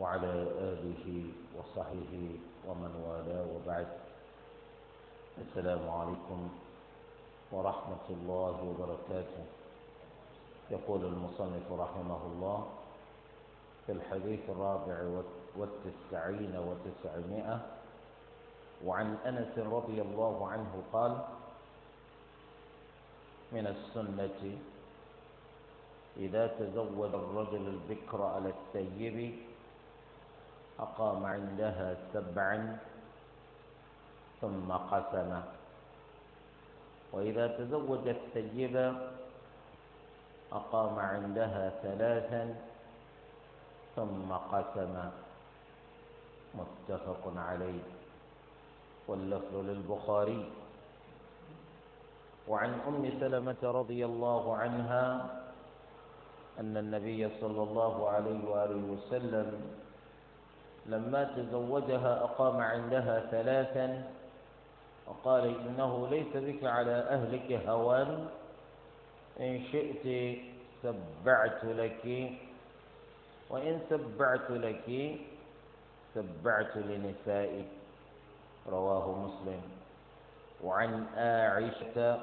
وعلى آله وصحبه ومن والاه وبعد السلام عليكم ورحمة الله وبركاته يقول المصنف رحمه الله في الحديث الرابع والتسعين وتسعمائة وعن أنس رضي الله عنه قال من السنة إذا تزوج الرجل البكر على الثيب أقام عندها سبعا ثم قسم وإذا تزوجت سيدة أقام عندها ثلاثا ثم قسم متفق عليه واللفظ للبخاري وعن أم سلمة رضي الله عنها أن النبي صلى الله عليه وآله وسلم لما تزوجها أقام عندها ثلاثا وقال إنه ليس بك على أهلك هوان إن شئت سبعت لك وإن سبعت لك سبعت لنسائك رواه مسلم وعن آعشة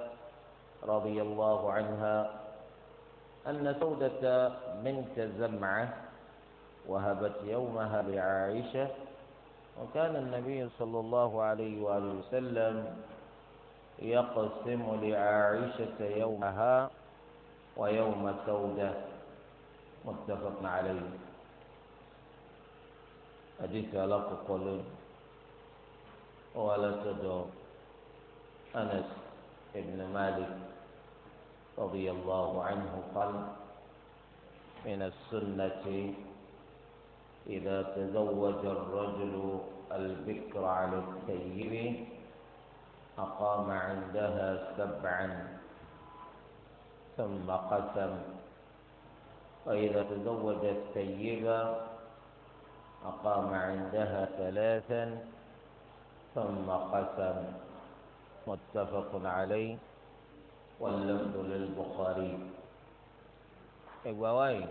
رضي الله عنها أن سودة بنت زمعة وهبت يومها لعائشة وكان النبي صلى الله عليه وآله وسلم يقسم لعائشة يومها ويوم سودة متفق عليه حديث على قول ولا تدعو أنس بن مالك رضي الله عنه قال من السنة إذا تزوج الرجل البكر على السيب أقام عندها سبعا ثم قسم وإذا تزوج السيب أقام عندها ثلاثا ثم قسم متفق عليه واللفظ للبخاري إيه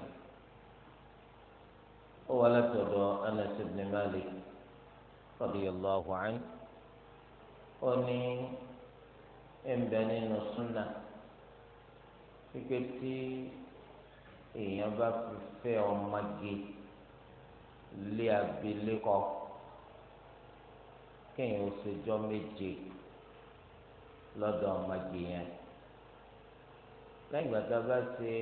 هو لتدعو أنس بن مالك رضي الله عنه أني إن بنين السنة فكرتي èèyàn bá fi fẹ́ ọmọge lé abilékọ kéèyàn ó ṣèjọ́ méje lọ́dọ̀ ọmọge yẹn lẹ́yìn ìgbà tá a bá ṣe.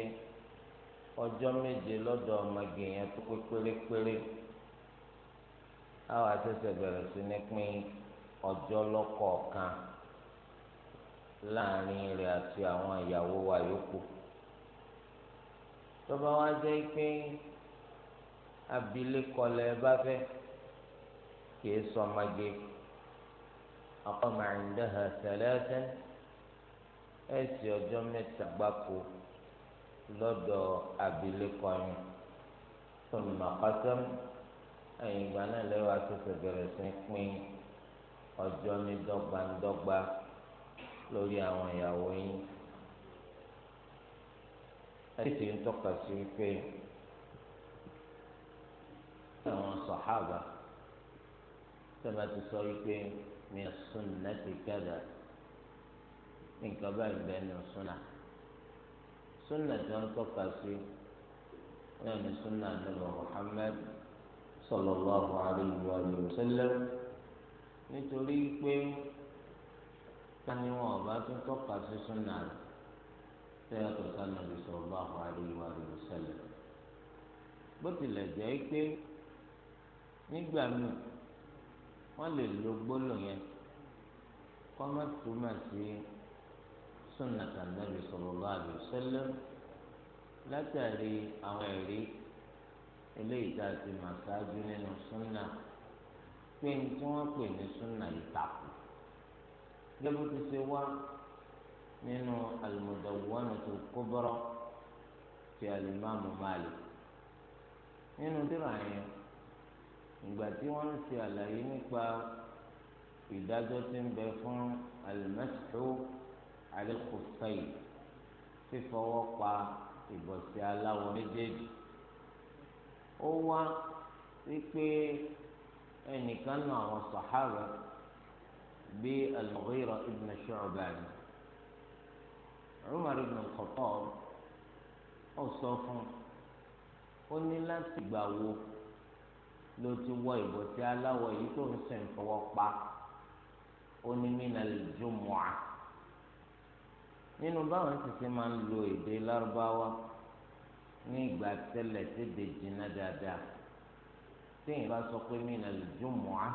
ọjọ́ méje lọ́dọ̀ ọmọge yẹn tó pé pérépéré àwọn àtẹ̀sẹ̀ bẹ̀rẹ̀ sí ní pín ọjọ́ lọ́kọ̀ọ̀kan láàrin rẹ̀ àti àwọn ìyàwó wa yòókù tó bá wá jẹ́ pé abilékọ lẹ bá fẹ́ kìí sọmọge ọkọ màá ń dẹ́hà sẹ́lẹ́sẹ́ ẹ̀ ọjọ́ mẹ́ta gbáko. lọ́dọ̀ abilékọ yẹn tó ní màkàtàm ẹ̀yìn ìgbà náà lẹ́wọ̀ àtúnṣe bẹ̀rẹ̀ sí pín ọjọ́ ní dọ́gbandọ́gba lórí àwọn ìyàwó yín ẹ̀yìn tí ń tọ́ka sí wípé àwọn sọ̀hábà tẹ́lẹ̀ ti sọ wípé mi ò sún náà nǹkan báyìí bẹ́ẹ̀ ni ò sún náà súnà tí wọ́n tọ́ka sí náà ní súnà ànábì Muhammad sallallahu alayhi wa sallam nítorí pé táwọn ọba tó tọ́ka sí súnà rẹ̀ tẹ́lẹ̀ tó sánà lè sallallahu alayhi wa sallam bó tilẹ̀ jẹ́ pé nígbà míì wọ́n lè lo gbólóyẹn kọ́mọ́tò máa ṣe sunnata nabi sallallahu alaihi wasallam látàrí àwọn ẹ̀rí eléyìí tá a ti mà ṣáájú nínú súnà pé ní tí wọ́n pè ní súnà ìtàkù gẹ́gẹ́ bó ti ṣe wá nínú al-Mudawwanatul Kubra ti al-Imamu Malik nínú tírà yẹn ìgbà tí wọ́n ń ṣe àlàyé nípa ìdájọ́ tí ń bẹ fún al àlékòfẹ́yì fífọwọ́ pa ìbọ̀sẹ̀ aláwọ̀ méjèèjì ó wá wípé ẹnìkan nù àwọn sàhábà bíi al-Mughira ibn Shu'ban Umar ibn al-Khattab ó sọ fún ó ní láti gbà wo ló ti wọ ìbọ̀sẹ̀ aláwọ̀ yìí tó ń sìn fọwọ́ pa ó ní mí nà lè jó mọ́ nínú báwọn sì ti máa ń lo èdè lárúbáwá ní ìgbà tẹ́lẹ̀ tẹ́lẹ̀ jìnnà dáadáa téèyàn bá sọ pé mina al-jumu'a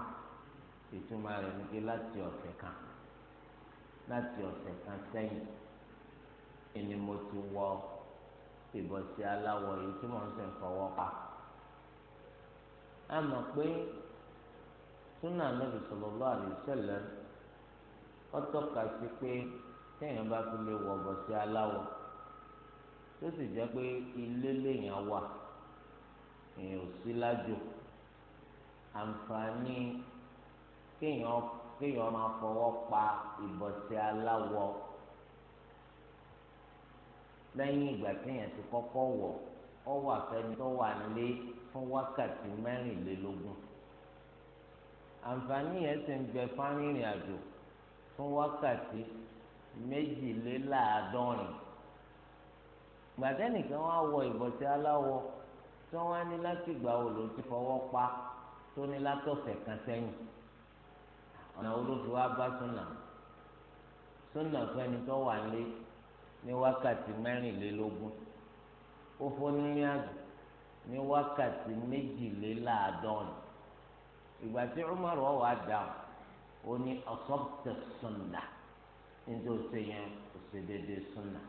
ìtumọ̀ rẹ̀ ní pé láti ọ̀sẹ̀ kan láti ọ̀sẹ̀ kan sẹ́yìn ẹni mo ti wọ ìbọ̀sí aláwọ̀ yìí tí mò ń sìn fọwọ́ pa a mọ̀ pé súnà Nabi sallallahu alaihi wasallam ó tọ́ka sí pé. téèyàn bá fi lè wọ̀ bọ̀ sí aláwọ tó sì jẹ́ pé ilé lèèyàn wà èèyàn ò sí lájò àǹfààní kéèyàn kéèyàn máa fọwọ́ pa ìbọ̀sẹ̀ aláwọ̀ lẹ́yìn ìgbà téèyàn ti kọ́kọ́ wọ̀ ọ wà fẹ́ni tó wà nílé fún wákàtí mẹ́rìnlélógún àǹfààní yẹn ti ń bẹ fárìnrìn àjò fún wákàtí méjìléláàádọ́rin gbàdẹ́nìkan wá wọ ìbọ̀sẹ̀ aláwọ̀ tí wọ́n á ní láti gbà wò ló ti fọwọ́ pa tó ní látọ̀sẹ̀ kan sẹ́yìn ọ̀nà olóṣù wa bá súnà súnà fẹ́ni tó wà lé ní wákàtí mẹ́rìnlélógún ó fọ́nìyàn àgbẹ̀ ní wákàtí méjìléláàádọ́rin ìgbà tí Umar wà wá ó ní asabta sunnah nítorí o ṣe yẹn o ṣe déédéé súnà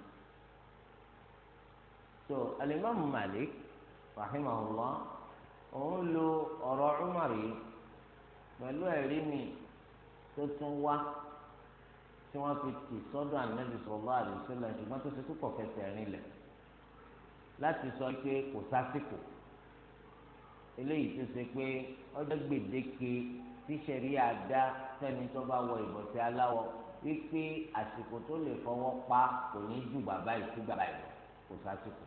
so alimami malik rahimahullah òun lo ọ̀rọ̀ umar yìí pẹ̀lú ẹ̀rí mi tó tún wá tí wọ́n fi tì sọ́dọ̀ ànábì sallallahu alaihi wasallam ṣùgbọ́n tó ṣe púpọ̀ fẹsẹ̀ rìn lẹ̀ láti sọ pé kò sásìkò eléyìí tó ṣe pé ọjọ́ gbèdéke tíṣẹ̀rí àdá sẹ́ni tó bá wọ ìbọ̀sẹ̀ aláwọ̀ wípé àsìkò tó lè fọwọ́ pa kò ní ju bàbá ìkú bàbá ìlú kò sásìkò.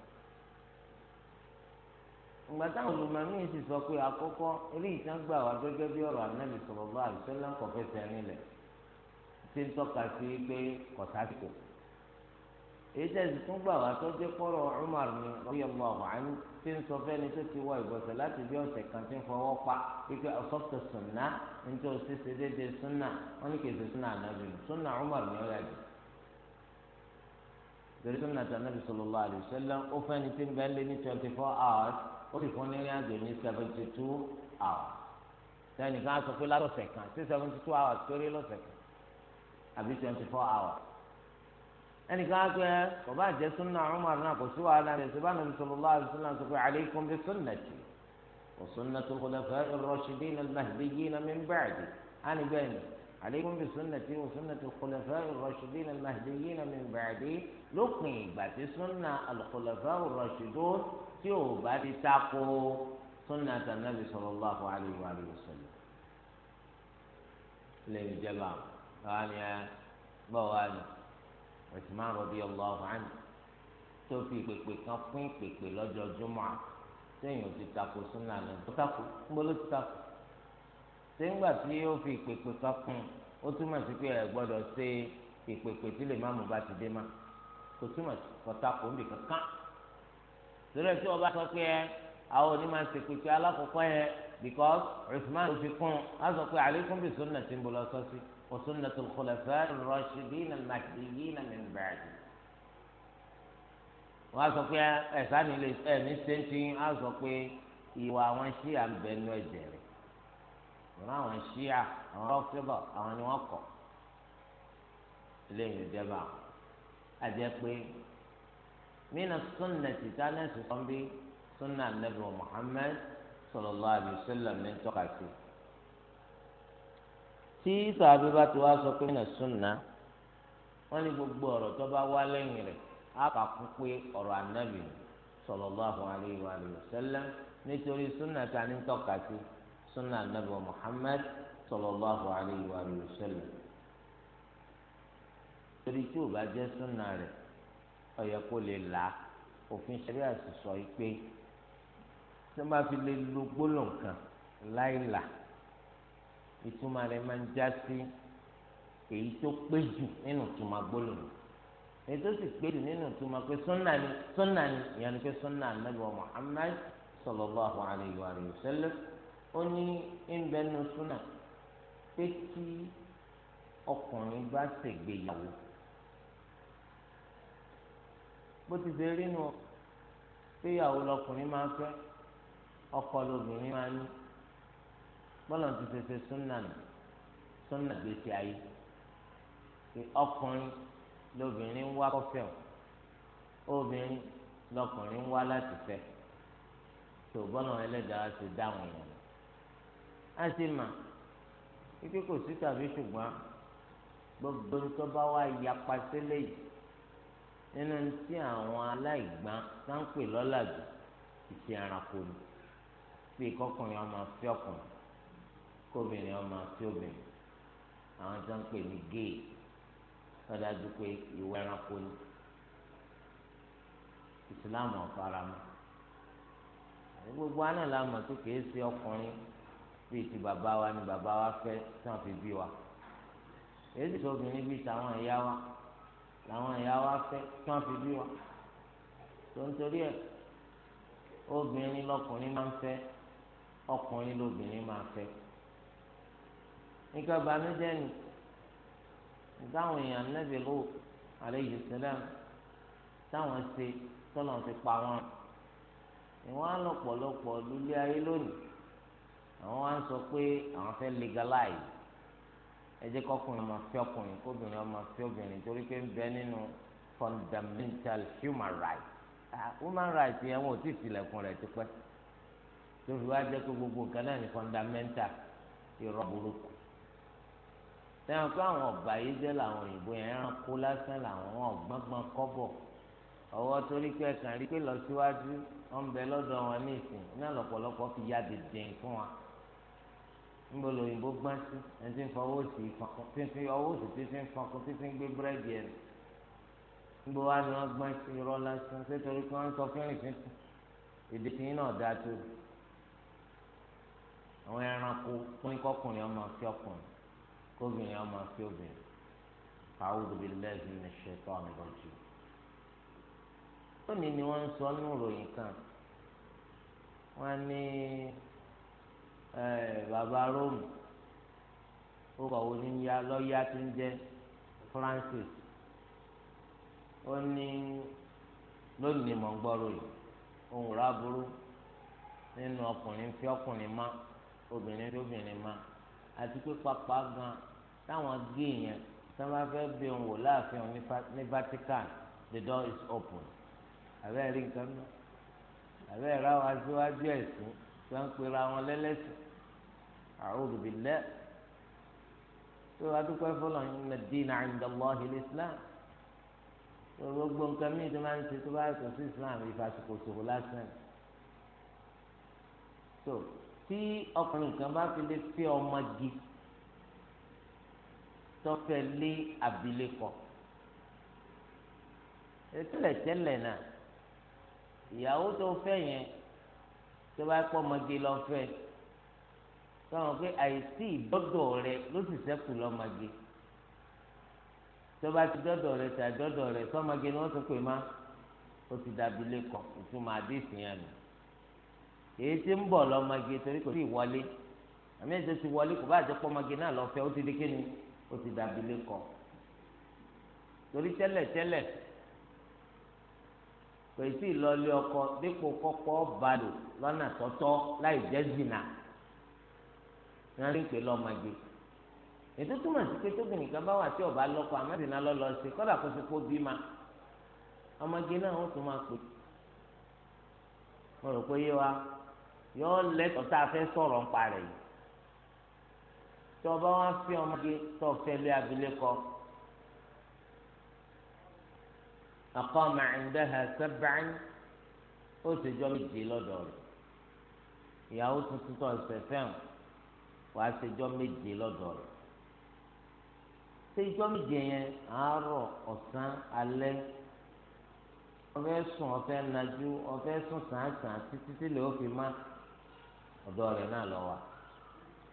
ìgbà táwọn olùmọ̀mí sì sọ pé àkọ́kọ́ eré ìtàgbà wa gẹ́gẹ́ bí ọ̀rọ̀ anábì sọ̀rọ̀ bá àbísọ́lá kọ̀fẹ́sẹ̀ rìn lẹ̀ ṣé ń tọ́ka sí pé kò sásìkò èyí tẹ̀sí tún gbà wá tó dé kọ́rọ̀ Umar ní radiyallahu anhu tí ń sọ fẹ́ni tó ti wọ ìbọ̀sẹ̀ láti bí ọ̀sẹ̀ kan tí ń fọwọ́ pa wípé ọ̀sọ́tò sùnà nítorí ó ṣeéṣe déédéé sùnà wọn ní kèsì sùnà ànábì sùnà Umar ní ọ̀yà jù. torí sùnà tí ànábì sallallahu alaihi wasallam ó fẹ́ni tí ń bẹ́ẹ̀ lé ní twenty four hours ó sì fún ní ìrìnàjò ní seventy two hours. ẹnì kan á pé bàbá àjẹ súnà Umar náà kò sí wàhálà rẹ̀ ṣe bá nàbí sallallahu alaihi wasallam sọ pé alaykum bi sunnati wa sunnati al-khulafa'i ar-rashidin al-mahdiyyin min ba'di àní bẹ́ẹ̀ ni alaykum bi sunnati wa sunnati al-khulafa'i ar-rashidin al-mahdiyyin min ba'di lópin ìgbà tí súnà al-khulafa'i ar-rashidun tí ò bá ti tako súnà tànàbí sallallahu alaihi wasallam lè jẹba báwa ni Usman radiyallahu anhu tó fi ìpèpè kan fún ìpèpè lọ́jọ́ júmọ́ sẹ́yìn ò ti tako súnà ní ó tako gbóló ti tako sẹ́yìngbà tí ó fi ìpèpè kan kún ó túmọ̀ sí pé ẹ gbọ́dọ̀ ṣe ìpèpè tí lè má mú bá ti dé má kò túmọ̀ sí kọ́tako níbi kankan torí tí wọ́n bá sọ pé àwọn onímọ̀ ṣe pèpè alákọ̀ọ́kọ́ yẹn because Usman ò fi kún á sọ pé alaykum bi sunnati ń bọ̀ lọ وسنة الخلفاء الراشدين المهديين من بعده wọ́n á sọ pé ẹ̀sán ilé ẹ̀mí ṣẹ́ńtì á sọ pé ìwà àwọn ṣíà ń bẹ nú ẹ̀jẹ̀ rẹ̀ ìwà àwọn ṣíà àwọn rọ́fíbọ̀ àwọn ni wọ́n kọ̀ lẹ́yìn ìjọba àjẹ́ pé mina sunna tìta náà sọ bí sunna anabi muhammed sallallahu alayhi wa sallam ní tọ́ka sí i. tí sàbí bá ti wá sọ pé nà súnà wọn ní gbogbo ọrụ tó bá wá lẹ́yìn rẹ̀ á kà kún pé ọ̀rọ̀ ànábì sallallahu alaihi wa sallam nítorí súnà ta ní tọ́ka sí súnà ànábì Muhammad sallallahu alaihi wa sallam torí tí ò bá súnà kó lè òfin ṣẹlẹ pé tí wọn fi lè lo gbólóǹkan ìtumọ̀ rẹ̀ máa ń já sí èyí tó pé jù nínú ìtumọ̀ gbólóhùn èyí tó sì pé jù nínú ìtumọ̀ pé sunna ni sunna ni ìyẹn ni pé sunna anabi wa muhammad sallallahu alayhi wa sallam ó ní ìbẹ́nu sunna pé kí ọkùnrin bá ṣègbéyàwó bó ti ṣe rí nu péyàwó lọkùnrin máa fẹ́ ọkọ lobìnrin máa ní bọ́lá ti ṣe ṣe súnà nù súnà gbèsè ayé pé ọkùnrin lóbìnrin ń wá kọfẹ́ o obìnrin lọkùnrin ń wá láti fẹ́ tó bọ́lá ẹlẹ́dàá ti dáhùn yẹn a sì mà kíkẹ́ kò sí tàbí ṣùgbọ́n gbogbo tó bá wá yapa sílẹ̀ yìí nínú tí àwọn aláìgbọ́n sáńpè lọ́làjù ìṣe ẹranko ni bí kọkùnrin ọmọ fẹ́ ọkùnrin kóbìnrin ọmọ tí obìnrin àwọn tí wọn ń pè ní géè sọdájú pé ìwé ẹranko ni ìsìláàmù ọ̀faramọ́ àti gbogbo àná la mọ̀ tó kìí ṣe ọkùnrin bíi ti bàbá wa ni bàbá wa fẹ́ tí wọ́n fi bí wa èyí ti obìnrin bíi tàwọn ìyá wa làwọn ìyá wa fẹ́ tí wọ́n fi bí wa tó ń torí ẹ̀ obìnrin lọkùnrin máa ń fẹ́ ọkùnrin lobìnrin máa fẹ́ nǹkan ìbànújẹ́ ni ìdáhùn èèyàn nẹ́bí ló alayhi salam táwọn ṣe tọ́nà ti pa wọn ìwọ́n á lọ̀pọ̀lọpọ̀ lulẹ̀ ayé lónìí àwọn wá ń sọ pé àwọn fẹ́ legalize ẹ jẹ́ kọkùnrin máa fi ọkùnrin kóbìnrin máa fi obìnrin torí pé ń bẹ nínú fundamental human rights human rights yẹn wọn ò tí ì tilẹ̀kùn rẹ̀ ti pẹ́ tó wá jẹ́ pé gbogbo nǹkan náà ní fundamental irọ́ burúkú sẹ́wọ̀n pé àwọn ọ̀bà yìí jẹ́ làwọn òyìnbó yẹn ràn kó lásán làwọn wọn gbọ́ngbọ́n kọ́bọ̀ ọwọ́ torí pé ẹ̀kan rí pé lọ síwájú wọn bẹ lọ́dọ̀ wọn ní ìsìn iná lọ́pọ̀lọpọ̀ fi ya dìndín fún wa níbo lòyìnbó gbọ́n sí ẹni tí ń fọ owó sí fífi ọwọ́ sí tí fi ń fọkùn tí fi ń gbé búrẹ́dì ẹ̀ níbo wa ni wọ́n gbọ́n sí irọ́ lásán ṣé torí pé wọ́n ń sọ fínrìn fínfín èdè tí náà dáa tó àwọn ẹranko fún ikọ́kùnrin ọmọ fi kóbìnrin ọmọ fi obìnrin a'udhu billahi minash shaitani rajim lónìí ni wọ́n ń sọ nínú ìròyìn kan wọ́n ní bàbá róòmù ó kọ̀ wọ́n ní tó ń jẹ́ Francis ó ní lónìí mọ̀ ń gbọ́rọ̀ yìí ohun rà burú nínú ọkùnrin fi ọkùnrin má obìnrin fi obìnrin má àti pé pápá gan-an táwọn gé yẹn tí wọ́n bá fẹ́ bí òun wò láàfin òun ní Vatican the door is open àbẹ́ rí nǹkan náà àbẹ́ ẹ̀rọ àwọn aṣíwájú ẹ̀sìn tí wọ́n ń pera wọn lẹ́lẹ́sìn a'udhu billah tó adúpẹ́ fọlọ́ inna dina 'inda Allahi al-Islam tó gbogbo nǹkan míì tó máa ń ṣe tó bá yàtọ̀ sí Islam ìfàsìkò ṣòro lásán tó tí ọkùnrin kan bá fi lè fẹ́ ọmọge tọ́tẹ̀lé abilékọ tẹ́lẹ̀tẹ́lẹ̀ náà ìyàwó tó fẹ́ yẹn tó bá pọ́ ọmọge lọ fẹ́ sọ̀rọ̀ pé àìsí ìdọ́dọ̀ rẹ ló sì sẹ́kù lọ́mọge tó bá ti dọ́dọ̀ rẹ tà dọ́dọ̀ rẹ sọ́mọge ni wọ́n ti pè má ó ti dàbí lẹ́kọ̀ọ́ ìtumọ̀ àdéhùn yẹn nù èyí tí ń bọ̀ lọ́mọge torí kò sí ìwọlé àmì ẹ̀jẹ̀ ti wọlé kò bá àjẹpọ̀ ọmọge náà lọ fẹ́ ó ti di kíni ó ti dàbí lẹ́kọ̀ọ́ torí tẹ́lẹ̀ tẹ́lẹ̀ kò sí ìlọlé ọkọ dípò kọ́kọ́ balò lọ́nà tọ́tọ́ láì jẹ́ zina náà rí pé lọ́mọdé ètò túmọ̀ sí pé tóbi nìkan bá wà tí ọba lọ́kọ àmọ́dínà lọ́lọ́ sí kọ́dà kó ti kó bímọ ọmọge náà wọ́n tún máa pè mo rò pé yé wa yọ lẹ́tọ̀ọ́ tá a fẹ́ sọ̀rọ̀ tí ọba si sí ọmọdé tó fẹlẹ abilékọ àkọọmọ ha sẹ́bẹ̀ẹ́n ó sì jọ méje lọ́dọ̀ rẹ̀ ìyàwó tuntun tó ṣẹ̀ fẹ́ràn wà á ṣe jọ méje lọ́dọ̀ rẹ̀ ṣé ìjọ méje yẹn àárọ̀ ọ̀sán alẹ́ ọfẹ sùn ọfẹ titi ọfẹ sùn sàn sàn títí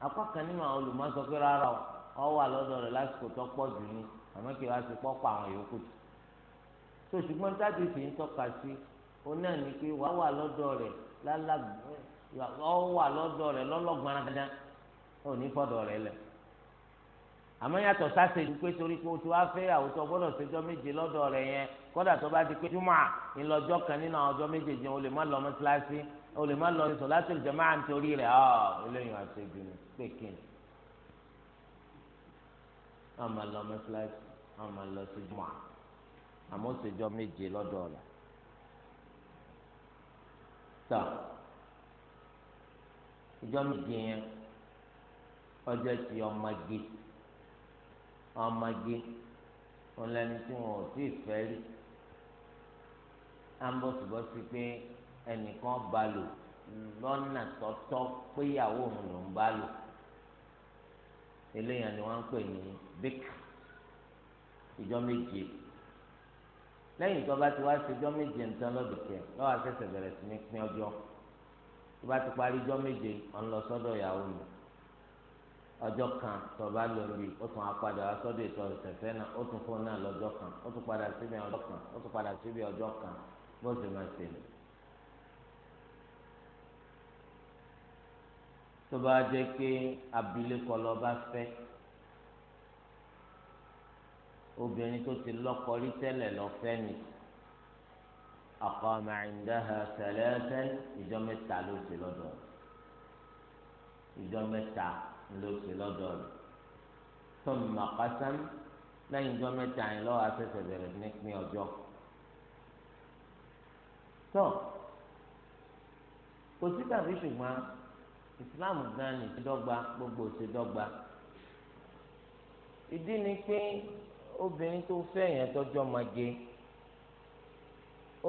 apá kan nínú àwọn olùmọ̀ sọ pé rárá o ọ wà lọ́dọ̀ rẹ̀ lásìkò tó pọ̀ jù ní àmọ́ kí wàá ti pọ́pọ̀ àwọn yòókù jù tó ṣùgbọ́n táàdì sì ń tọ́ka sí òun náà ni pé wàá wà lọ́dọ̀ rẹ̀ ọ wà lọ́dọ̀ rẹ̀ lọ́lọ́gbọ̀n dandan ó ní fọ́dọ̀ rẹ̀ lẹ̀ àmọ́ yàtọ̀ sáṣe ju pé torí pé o ti wá fẹ́ àwùjọ gbọ́dọ̀ ṣèjọ́ méje lọ́dọ̀ rẹ̀ yẹn kódà tó bá di pé júmọ̀ ìlọ́jọ́ kan o lè má lọ ní sọláṣẹ jamaa nítorí rẹ ọ eléyìí àti ìgbìmọ̀ pé kíni wọn máa lọ mọ́ṣáláṣí wọn máa lọ sí jùmọ̀ àmọ́ ṣèjọ méje lọ́dọ̀ ọ̀la tọ́ ìjọ méje yẹn ọjọ́ ti ọmọge ọmọge wọn lẹni tí wọn ò tí ì fẹ́ rí ambọ̀sibọ́sí pé ẹnìkan bá lò lọ́nà tọ́tọ́ péyàwó òun ló ń bá lò eléyàn ni wọ́n ń pè ní bíkà ìjọ méje lẹ́yìn tó bá ti wá sí ìjọ méje nǹkan lọ́dún kẹ lọ́wọ́ àṣẹ̀ṣẹ̀ bẹ̀rẹ̀ sí ní pín ọjọ́ tó bá ti parí ìjọ méje ọ̀n lọ sọ́dọ̀ ìyàwó mi ọjọ́ kan tó bá lọ rí ó tún apadà wá sọ́dọ̀ ètò ìṣẹ̀fẹ́ náà ó tún fún náà lọ́jọ́ kan ó tún padà síbi ọjọ́ kan ó tún padà síbi ọjọ́ kan bó ṣe máa ṣe nìyí. tó bá jẹ́ pé abilékọ lọ bá fẹ́ obìnrin tó ti lọ́kọ rí tẹ́lẹ̀ lọ fẹ́ ni aqama indaha thalathan ìjọ mẹ́ta ló ti lọ́dọ̀ ìjọ mẹ́ta ló ti lọ́dọ̀ rẹ̀ thumma qasam ìjọ mẹ́ta yẹn lọ́wọ́ afẹ́fẹ́ bẹ̀rẹ̀ ní pín ọjọ́ tó kò sí tàbí ṣùgbọ́n islam gan ni ìdọ́gba gbogbo ìṣèdọ́gba ìdí ni pé obìnrin tó fẹ́ yẹn tọ́jú ọmọge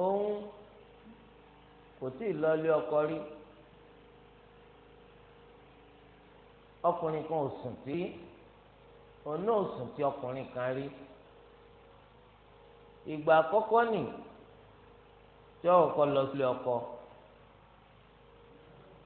òun kò tí ì lọlé ọkọ rí ọkùnrin kan ò sùn tí òun náà ò sùn tí ọkùnrin kan rí ìgbà àkọ́kọ́ nì tí ọkọ lọ sílé ọkọ.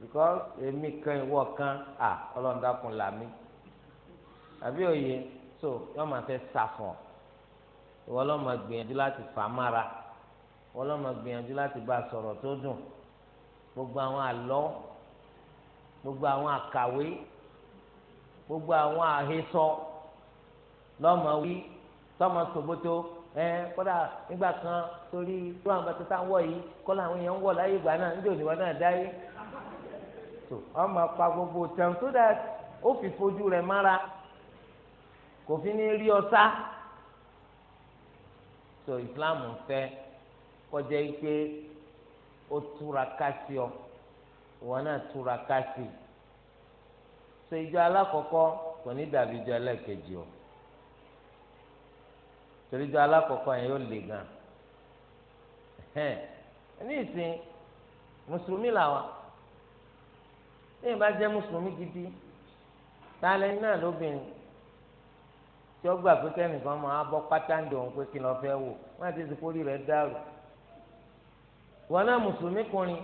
because èmi kan ìwọ kan à ọlọ́dàkùn làmí àbí òye so yọ máa fẹ́ sàfọ̀n ìwọ lọ́ máa gbìyànjú láti fà á mára ìwọ lọ́ máa gbìyànjú láti bá a sọ̀rọ̀ tó dùn gbogbo àwọn àlọ́ gbogbo àwọn àkàwé gbogbo àwọn àhesọ lọ́mọ wí tọ́mọ sògbótó ẹ kódà nígbà kan torí tó àwọn bàtà táwọn wọ̀ yìí kọ́ làwọn èèyàn ń wọ̀ láyé ìgbà náà níjọ́ òníwọ̀ náà dáyé so wọn máa pa gbogbo tẹun so that ó fi fojú rẹ̀ mára kò fi ní rí ọsá so Islam fẹ́ kọjá yìí pé ó túra kásì ọ ìwọ náà túra kásì so ìjọ alákọ̀ọ́kọ́ kò ní dàbí ìjọ ẹlẹ́ẹ̀kejì o torí ìjọ alákọ̀ọ́kọ́ yẹn yóò le gan ní ìsìn mùsùlùmí làwọn lẹ́yìn bá jẹ́ mùsùlùmí gidi tálẹ́ náà lóbìnrin tí ó gbà pé kẹ́nìkan máa bọ́ pátáǹdì òun pé kí ló fẹ́ wò wọ́n ti sèkórì rẹ̀ dàrú ìwọ náà mùsùlùmí kùnrin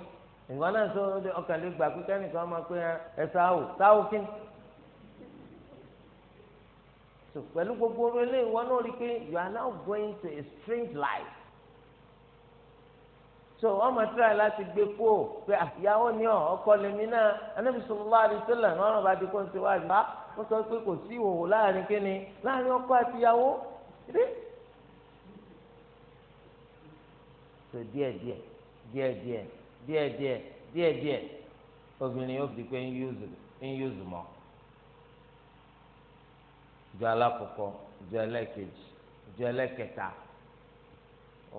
ìwọ náà sọ ọkàn lè gbà pé kẹ́nìkan máa pé ẹ sáwò sáwò kí ni pẹ̀lú gbogbo orí ilé ìwọ náà rí i pé you are now going to a strange life so wọn máa tíra láti gbé kó o pé àyàwó ah, ni ọ ọkọ lèmi náà anábì sọlọlá àdìsọlẹ náà ọ̀rọ̀ bá di kó n ti wájú bá wọn sọ pé kò sí ìhòòhò láàrin kíni láàrin ọkọ àti ìyàwó rí. so díẹ̀ díẹ̀ díẹ̀ díẹ̀ díẹ̀ díẹ̀ díẹ̀ díẹ̀ obìnrin yóò fi pé ń yúzù ń yúzù mọ ìjọ alákọ̀ọ́kọ́ ìjọ ẹlẹ́kejì ìjọ ẹlẹ́kẹta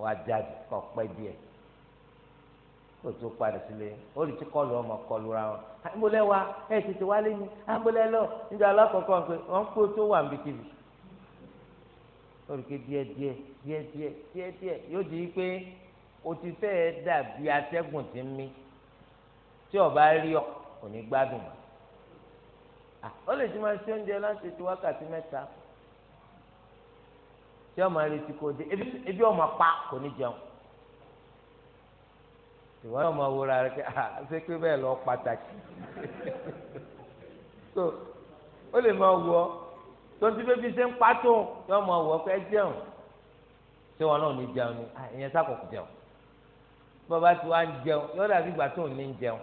wàá jáde kọ pẹ́ díẹ̀ o tó padà sílé ó lè ti kọlu ọmọ kọlu ra wọn àbúlé wa ẹ tètè wálé ni àbúlé lọ níjọ alákọ̀ọ́kọ́ pé wọ́n kó tó wà níbi tìbí ó lè ké díẹ̀ díẹ̀ díẹ̀ díẹ̀ díẹ̀ díẹ̀ yóò di pé o ti fẹ́ dàbí atẹ́gùn tí ń mí tí o bá rí ọ kò ní gbádùn mọ́ ó lè ti máa ṣe oúnjẹ láti ti wákàtí mẹ́ta tí o máa retí kò dé ebi ọmọ pa kò ní jẹun ìwọ náà máa wúra rẹ pé ah ṣé pé bẹ́ẹ̀ lọ pàtàkì so ó lè máa wọ tó ń ti bébí ṣe ń pàtó yóò máa wọ pé jẹun ṣé wọn náà ní jẹun ni ah ìyẹn sákòókò jẹun bàbá tí wàá ń jẹun yóò dàbí ìgbà tó ń ní jẹun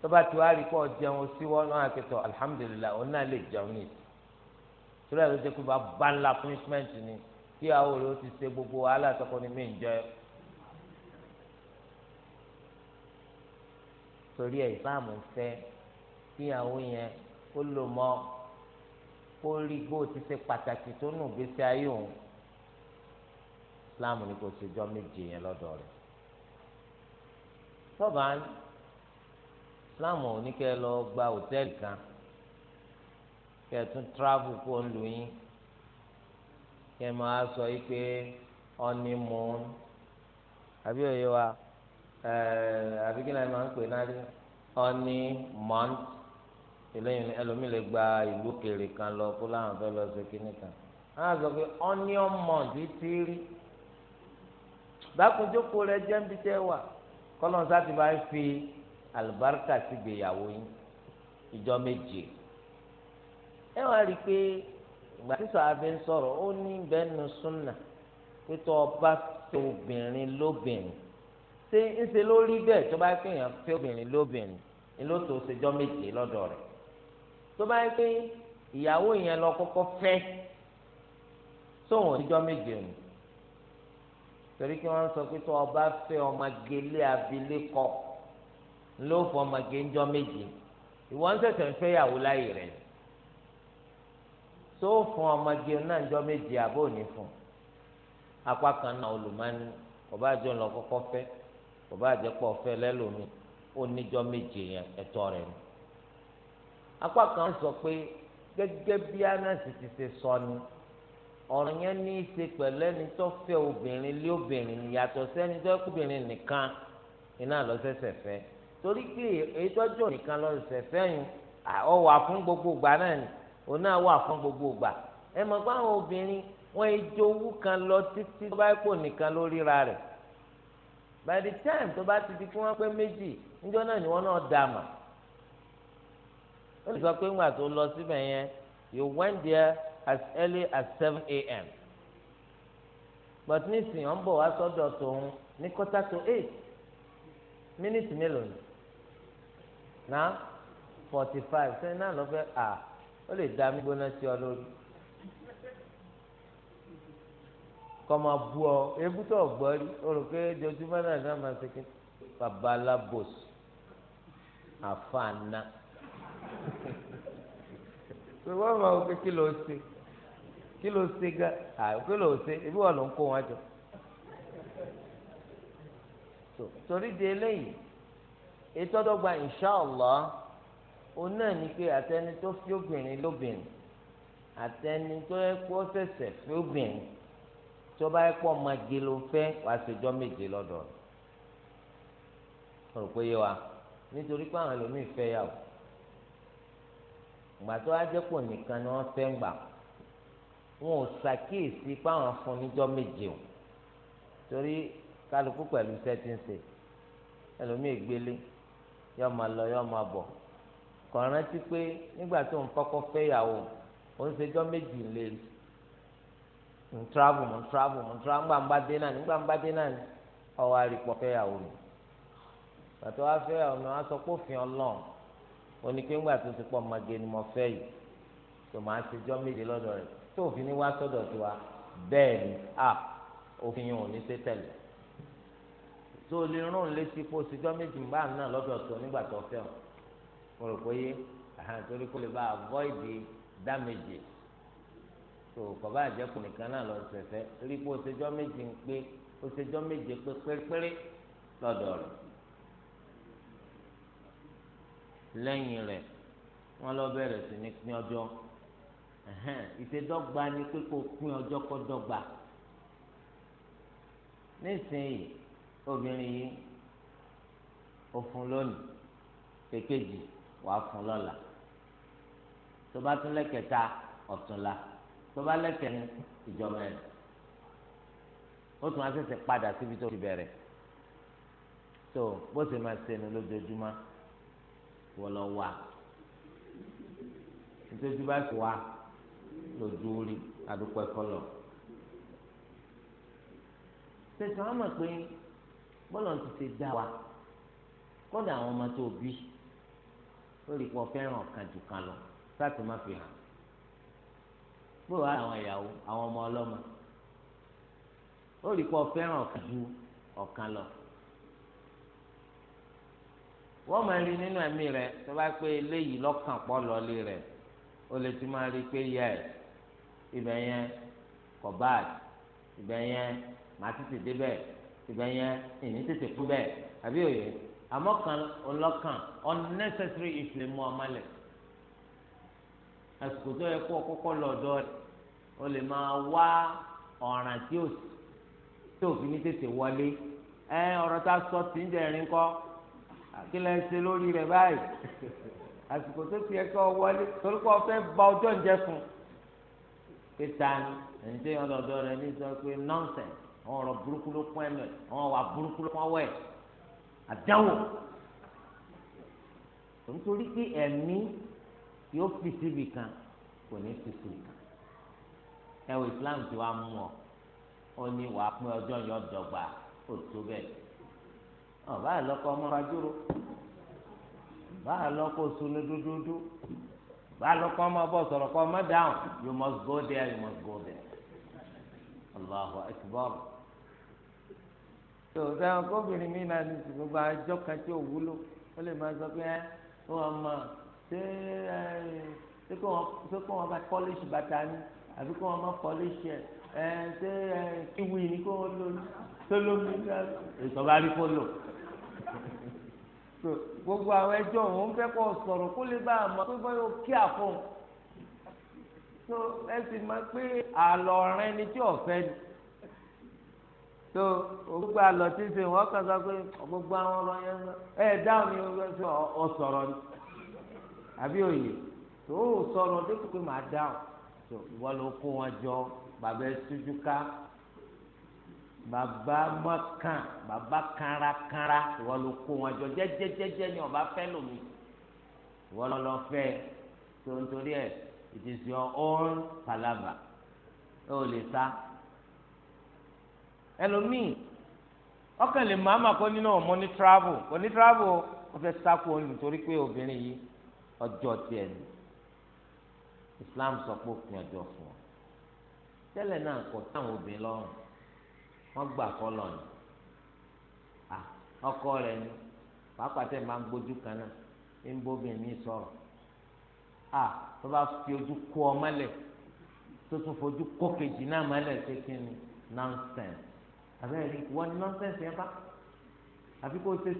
tọ́ba tí wàá rí kọ́ jẹun síwọ́ náà kẹtọ̀ alihamudulilayi òun náà lè jẹun ní ìsìn sórí àti ọjọ́ pé bá bá ńlá punishment ni kí àwọn olè ó ti ṣe gbogbo wàhálà sọ́kọ́ ni mí ń jẹ́ torí ẹ̀ ìsìláàmù fẹ́ kíyàwó yẹn kó lò mọ́ kó rí bó ti ṣe pàtàkì tó nù gbèsè ayé òun ìsìláàmù ni kò ṣe jọ méje yẹn lọ́dọ̀ rẹ̀ tọ́ba ìsìláàmù ò ní kẹ́ lọ gba hòtẹ́ẹ̀lì kan kẹ́ ẹ tún travel kó ń lò yín kẹ́ ẹ máa sọ yìí pé honeymoon àbí òye wa. Eh, àbíkí náà máa ń pè náà rí honey month eléyìí ẹlòmíì lè gba ìlú kèrè kan lọ kó láwọn fẹ́ lọ sí kíní kan wọn á sọ pé onion month ti rí bákunjókòó rẹ jẹ́ ń bí tẹ́ wà kọ́lọ́n sá ti máa fi àlùbáríkà sí gbéyàwó yín ìjọ méje ẹ wá rí i pé ìgbà tí sàbẹ̀ ń sọ̀rọ̀ ó ní bẹ́ẹ̀ nu súnà pé tó o bá fẹ́ obìnrin lóbìnrin ṣé ń ṣe ló rí bẹ́ẹ̀ tó bá pé èèyàn fẹ́ obìnrin lóbìnrin ni ló tó ṣèjọ́ méje lọ́dọ̀ rẹ̀ tó bá pé ìyàwó yẹn lọ kọ́kọ́ fẹ́ sóhun òṣèjọ́ méje ni torí kí wọ́n sọ pé tó ọba fẹ́ ọmọge lé abilékọ ló fọ ọmọge ńjọ́ méje ìwọ ń ṣẹ̀ṣẹ̀ ń fẹ́ ìyàwó láyè rẹ̀ tó fún ọmọge náà ńjọ́ méje àbó òní fún apá kan náà olùmọ́ni ọba àjọ ńlọ kọ́kọ́ fẹ́ kò bá jẹ́ pọ̀ fẹ́ lẹ́lòmíì ó níjọ́ méje yẹn ẹ̀tọ́ rẹ̀ ni. apá kan sọ pé gẹ́gẹ́ bí anasi ti ṣe sọ ni ọ̀rọ̀ yẹn ní í ṣe pẹ̀lú ẹni tó fẹ́ obìnrin lé obìnrin yàtọ̀ sẹ́ni tó kóbìnrin nìkan iná lọ sẹ́sẹ̀ fẹ́ torí pé èyí tọ́jú nìkan lọ sẹ́sẹ̀ fẹ́ yìí ọ wà fún gbogbo ìgbà náà ni òun náà wà fún gbogbo ìgbà ẹ mọ̀ pé àwọn obìnrin wọ́n ejò owó kan lọ títí tó bá pò nìkan lórí ra rẹ̀ by the time tó bá ti di kí wọ́n pé méjì níjọ́ náà ni wọ́n náà dà mà ó lè sọ pé ńgbà tó lọ síbẹ̀ yẹn you went there as early as seven a.m. but nísìnyí wọ́n bọ̀ wá sọ́dọ̀ tòun ní quarter to eight mínítì mélòó ni na forty five sẹ́yìn náà lọ́fẹ́ à ó lè dá mi gbóná sí ọ lórí. kọ́ máa bú ọ ebú tó gbọ́ rí o rò pé jojúmọ́ náà náà máa ṣe kí babalabos àfààná pé wọ́n máa wọ pé kí ló ṣe kí ló ṣe gá kí ló ṣe ebi wọ́n ló ń kó wọn jọ torí di eléyìí ètò ọdọgba inṣàlá náà ni pé àtẹni tó fi obìnrin lóbìnrin àtẹni tó yẹ kó ṣẹ̀ṣẹ̀ fi obìnrin tó bá yẹ pọ̀ magi ló fẹ́ wàá ṣèjọ́ méje lọ́dọ̀ rẹ̀ rò pé yé wa nítorí pé àwọn ẹlòmíì fẹ́ yà wò ìgbà tó ajẹ́pọ̀ nìkan ni wọ́n fẹ́ ń gbà wọn ò ṣàkíyèsí páwọn fún níjọ́ méje o torí kálukú pẹ̀lú iṣẹ́ tí ń ṣe ẹlòmíì gbélé yọ máa lọ yọ máa bọ̀ kọ̀ pé nígbà tó ń kọ́kọ́ fẹ́ yàwó ó ń ṣèjọ́ méjì lérí mo travel mo ń travel mo ń travel ńgbà ń bá dé náà nígbà ń bá dé náà ni ọwọ́ àrípọ̀ fẹ́yàwó mi pàtó wá fẹ́yàwó mi wá sọ pé òfin ọlọ́run ó ní pé ńgbà tó ti pọ̀ mage ni mo fẹ́ yìí tó máa ṣe jọ́ méje lọ́dọ̀ rẹ̀ tó òfin ní wá sọ́dọ̀ tiwa bẹ́ẹ̀ ni a òfin yìí ò ní ṣe tẹ̀lé tó o lè rún létí kó o ṣe jọ́ méjì ń bá náà lọ́dọ̀ tó nígbà tó fẹ́ o mo rò pé yé torí kó lè bá avoid damage so bàbá àjẹkù nìkan náà lọ sẹsẹ rí pé oṣèjọ méje ń pé oṣèjọ méje pé pérépéré lọ́dọ̀ rẹ̀ lẹ́yìn rẹ̀ wọn lọ bẹ̀rẹ̀ sí ní pín ọjọ́ ìṣèdọ́gba ni pé kó pín ọjọ́ kó dọ́gba nísìnyí obìnrin yìí ó fún lónìí èkejì wàá fún lọ́la tó bá tún lẹ́kẹta ọ̀túnla tó bá lẹ́sẹ̀ ní ìjọba ẹ̀ ó tún asẹ̀sẹ̀ padà síbi tó ti bẹ̀rẹ̀ tó bó ṣe máa ṣẹnu lójoojúmọ́ wọ́n lọ wà nítorí bá ti wà lójú orí adúpọ̀ ẹ̀kọ́ lọ. ṣètò àwọn mọ̀ pé bọ́lá ti ṣe dá wa kọ́dà àwọn ọmọ tó bí lórí pọ̀ kan jù kan lọ sáà tó má fi hàn bó wàá àwọn ìyàwó àwọn ọmọ ọlọ́mọ ó rí pọ fẹ́ràn ọ̀kan ju ọ̀kan lọ wọ́n máa rí nínú ẹ̀mí rẹ tó bá pé eléyìí lọ́kàn pọ̀ lọ́lé rẹ ó lè tún máa rí pé yẹ ibẹ̀ yẹn kọ̀ báàdì ibẹ̀ yẹn màá tètè débẹ̀ ibẹ̀ yẹn ìní tètè kú bẹ́ẹ̀ àbí òye àmọ́ kan ọlọ́kàn unnecessary ìfìlẹ̀ mú ọmọ lẹ̀ àsìkò tó yẹ kó kọ́kọ́ lọ́dọ̀ rẹ̀ o lè máa wá ọ̀ràn tí ò tí òfin ní tètè wọlé ẹ ọ̀rọ̀ tá a sọ tí ń jẹrin kọ́ àkílẹ̀ ń ṣe lórí rẹ̀ báyìí àsìkò tó ti yẹ kó wọlé torí kó fẹ́ ba ọjọ́ ń jẹ fún un pé ta ni ẹni tí yẹn lọ́dọ̀ rẹ̀ ní sọ pé nọ́ọ̀sẹ̀nsì àwọn ọ̀rọ̀ burúkú ló pọ́n ẹ̀mẹ̀ àwọn ọ̀wà burúkú ló pọ́n wẹ̀ àdáwò nítorí pé ẹ̀mí yóò fi síbi kan kò ní fi síbi kan ẹ wo Islam ti wá mú ọ ó ní wàá pín ọjọ́ yọ dọ́gba ó tó bẹ́ẹ̀ ọba àlọ́kọ ọmọra dúró ọba àlọ́kọ sunu dúdúdú ọba àlọ́kọ ọmọ bọ̀ sọ̀rọ̀ kọ́ ọmọ dáhùn you must go there you must go there Allahu Akbar tó sẹ́wọ̀n kóbìnrin mi náà ní ti gbogbo àjọ kan tí ò wúlò ó lè máa sọ pé ẹ ó ọmọ ṣé ẹ ṣé kó wọn bá pọ́líṣì bàtà ni àbí kó wọn má pọ́líṣì ẹ ẹ ṣé ẹ kíwì ni kó wọn lò tó lómi ká ìsọba rí kó lò gbogbo àwọn ẹjọ́ òun fẹ́ kó sọ̀rọ̀ kó lè bá a mọ̀ pé báyọ̀ kí àfọ̀n tó ẹ sì máa pé àlọ́ rẹ ni tí ọ̀fẹ́ ni tó gbogbo àlọ́ tí ń sè wọ́n kàn sọ pé gbogbo àwọn ọlọ́yẹ ẹ dáhùn ni ọ̀sọ̀rọ̀ ni àbí òye tó o sọ̀rọ̀ dépò pé màá dá o tó ìwọ ló kó wọn jọ bàbá ẹtújúká bàbá mọ́kàn bàbá kárakára ìwọ ló kó wọn jọ jẹ́jẹ́jẹ́jẹ́ ni ọba fẹ́ lómi ìwọ lọ́lọ́ fẹ́ tó nítorí ẹ̀ it is your own palava ó lè sá ẹlòmíì ọkàn lè máa ma kó nínú ọmọ ní travel kò ní travel ó fẹ́ sá kú òun nítorí pé obìnrin yìí ọjọ́ tiẹ̀ ni Islam sọ pé òpin ọjọ́ fún ọ tẹ́lẹ̀ náà kọ táwọn obìnrin lọ́rùn wọ́n gbà fọlọ́ ni ọkọ ma ni pàápàá tẹ̀ máa ń gbójú kan náà ń bóbìnrin ní sọ̀rọ̀ tó bá fi ojú kó ọ tó tún fojú kó kejì náà ni nonsense àbẹ́rẹ́ wọ́n ní nonsense yẹn bá àfi kó o ṣe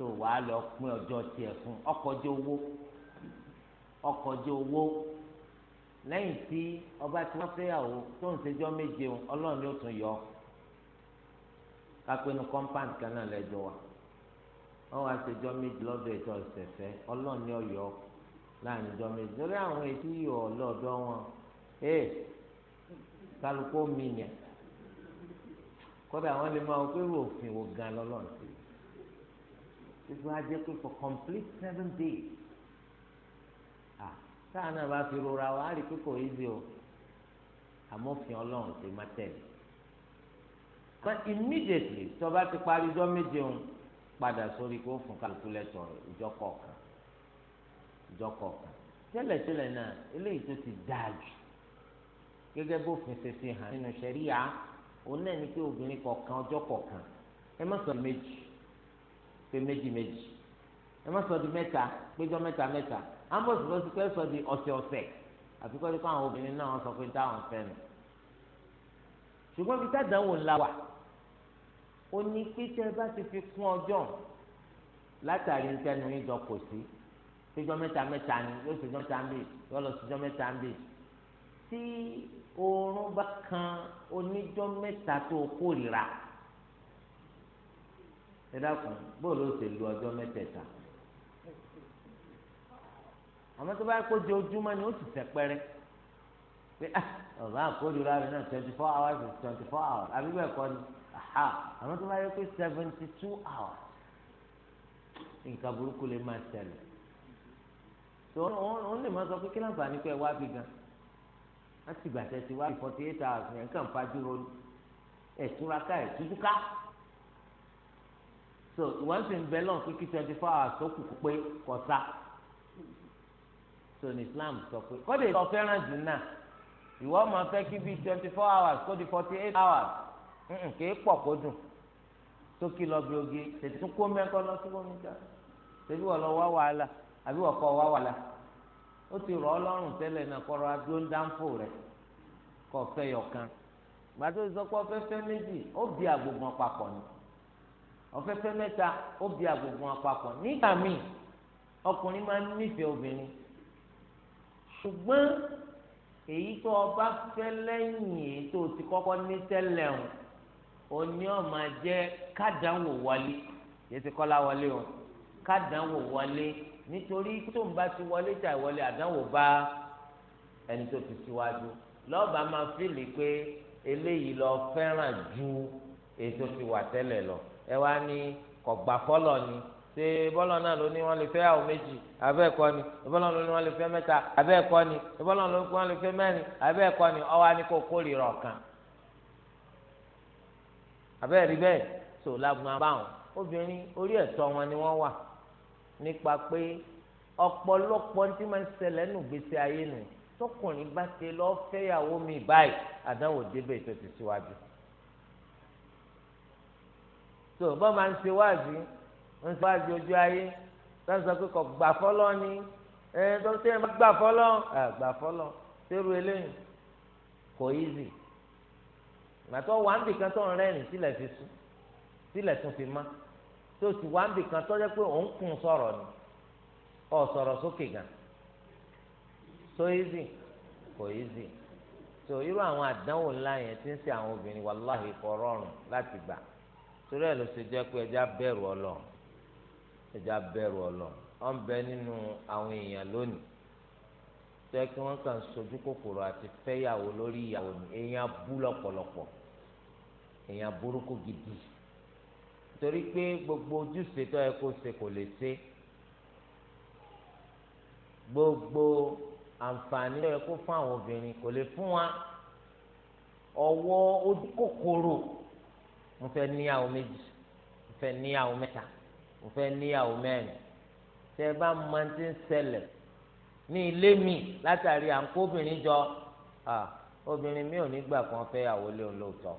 tó á lọ pín ọjọ́ tiẹ̀ fún ọkọjọ owó ọkọjọ owó lẹ́yìn tí ọba tí wọ́n fẹ́yàwó tó ń ṣèjọ méje Ọlọ́run tún yọ kápẹnu kọmpáǹd kan náà lẹjọ wa wọ́n wá méje lọ́dọ̀ ètò ìṣẹfẹ Ọlọ́run yọ láàrin ìjọ méje lórí àwọn yọ wọn eh, mi kódà lè máa wọ pé gan títí wá jẹ́ pé for complete seven days ah táà náà bá fi rora wa á rí pé kò easy o àmọ́fin ọlọ́run ṣe má tẹ̀lé but immediately tó bá ti parí ijọ́ méje òun padà sórí kó fún kálukú lẹ́tọ̀ọ́ rẹ̀ ìjọ kọ̀ọ̀kan ìjọ kọ̀ọ̀kan tẹ́lẹ̀tẹ́lẹ̀ náà eléyìí tó ti dáa jù gẹ́gẹ́ bó fi ṣe fi hàn nínú ṣẹ̀ríyà òun náà ní pé obìnrin kọ̀ọ̀kan ọjọ́ kọ̀ọ̀kan ẹ má sọ méjì pé méjì méjì ẹ má sọ di mẹ́ta péjọ mẹ́ta mẹ́ta ambos lọ sí pé sọ di ọ̀sẹ̀ ọ̀sẹ̀ àfi kọ́ dípò àwọn obìnrin náà sọ pé táwọn fẹ́ nu ṣùgbọ́n fi tàdánwò ńlá wà ó ní pété bá ti fi kún ọjọ́ látàrí ntẹnu yín jọ kò sí péjọ mẹ́ta mẹ́ta ni yóò ṣèjọ mẹ́ta ń bì yóò lọ ṣèjọ mẹ́ta ń bì tí oorun bá kan oníjọ mẹ́ta tó kórìíra ẹ dákun bóòlù ó sì lu ọjọ́ mẹ́tẹ̀ẹ̀ta àmọ́ tó bá yẹ kó jẹ ojúmọ́ ni ó sì tẹ̀ pẹ́rẹ́ pé ah, ọ̀gá àkójọra rẹ̀ náà twenty four hours is twenty four hours àbí bẹ́ẹ̀ kọ́ ni àmọ́ tó bá yẹ pé seventy two hours nǹkan burúkú lè máa ṣẹlẹ̀ tó wọn lè máa sọ pé kí láǹfààní pé ẹ wá bí gan láti gbàtẹ́ ti wá bí forty eight hours yẹn kàn fájú ronú ẹ̀túraká ẹ̀túdúká so ìwọ ń sìn bẹ́ẹ̀ lọ́n pé kí twenty four hours tó kù pé kò sá so ní Islam sọ pé kọ́dé ìtọ́ fẹ́ràn jù náà ìwọ máa fẹ́ kí bíi twenty four hours kó di forty eight hours kì í pọ̀ kó dùn tó kí lọ bí oge tètè tún kó mẹ́kọ́ lọ sí omi jà tètè wọ̀ lọ wá wàhálà àbí wọ̀ kọ́ wá wàhálà ó ti rọ̀ ọ́ lọ́rùn tẹ́lẹ̀ náà kọ́ra adó ń dáńfò rẹ̀ kọ́ fẹ́ yọ̀ kan gbàtó ìsọpọ̀ fẹ́fẹ́ méjì ó bí àgbògbọ̀n papọ̀ ni ọ̀fẹ́fẹ́ mẹ́ta ó bí àgùnfún àpapọ̀ nígbà míì ọkùnrin máa ń nífẹ̀ẹ́ obìnrin ṣùgbọ́n èyí tó o bá fẹ́ lẹ́yìn èyí tó o ti kọ́kọ́ ní tẹ́lẹ̀ o òní ọ̀mà jẹ́ kádàáwò wọlé yẹtí kọ́lá wọlé o kádàáwò wọlé nítorí tó ń bá ti wọlé tà wọlé àdánwò bá ẹni tó ti síwájú lọ́ọ̀bà máa fìlì pé eléyìí lọ fẹ́ràn ju èyí tó ti wà tẹ́lẹ̀ lọ ẹ wá ní kọ̀gbà fọ́lọ̀ ni ṣé bọ́lọ̀ náà ló ní wọ́n lè fẹ́ àwọn méjì abẹ́ ẹ̀kọ́ ni bọ́lọ̀ ló ní wọ́n lè fẹ́ mẹ́ta abẹ́ ẹ̀kọ́ ni bọ́lọ̀ ló ní wọ́n lè fẹ́ mẹ́rin abẹ́ ẹ̀kọ́ ni ó wá ní kó kórìíra ọ̀kan abẹ́ rí bẹ́ẹ̀ tó lágbọ́n abáwọn obìnrin orí ẹ̀tọ́ wọn ni wọ́n wà nípa pé ọ̀pọ̀lọpọ̀ tí máa ń ṣẹlẹ̀ nù gbèsè ayé nù tọkùnrin bá ti lọ́ọ́ fẹ́yàwó mi báyìí àdánwò débẹ̀ tó síwájú. So, bọ́ máa ń ṣe wáàzì ń ṣe wáàzì ojú ayé tó ń sọ pé kò gbà fọ́lọ́ ni ẹ tó ń ṣe gbà fọ́lọ́ gbà fọ́lọ́ sẹ́rù eléyìí kò easy gbàtọ́ wà ń bì kan tó ń rẹ́rìn sílẹ̀ fi sùn sílẹ̀ tún fi má tó sì wà ń bì kan tó jẹ́ pé òun kùn sọ̀rọ̀ ni ọ̀ sọ̀rọ̀ sókè gan so easy kò easy so irú àwọn àdánwò ńlá yẹn ti ń ṣe àwọn obìnrin wàláhì kò rọrùn láti gbà torí ẹ̀ ló ṣe jẹ́ pé ẹja bẹ̀rù ọlọ́run ẹja bẹ̀rù ọlọ́run wọ́n bẹ nínú àwọn èèyàn lónìí tẹ́ kí wọ́n kàn sojú kòkòrò àti fẹ́yàwó lórí ìyàwó ni èèyàn bú lọ́pọ̀lọpọ̀ èèyàn burúkú gidi torí pé gbogbo ojúṣe tó yẹ kó ṣe kò lè ṣe gbogbo àǹfààní tó yẹ kó fún àwọn obìnrin kò lè fún wa ọwọ́ ojú kòkòrò mo fẹ́ níyàwó méjì mo fẹ́ níyàwó mẹ́ta mo fẹ́ níyàwó mẹ́rin tẹ ẹ bá máa ti ń ṣẹlẹ̀ ní ilé mi látàrí à ń kó obìnrin jọ obìnrin mi ò ní gbà kan fẹ́ yàwó lé òun lóòótọ́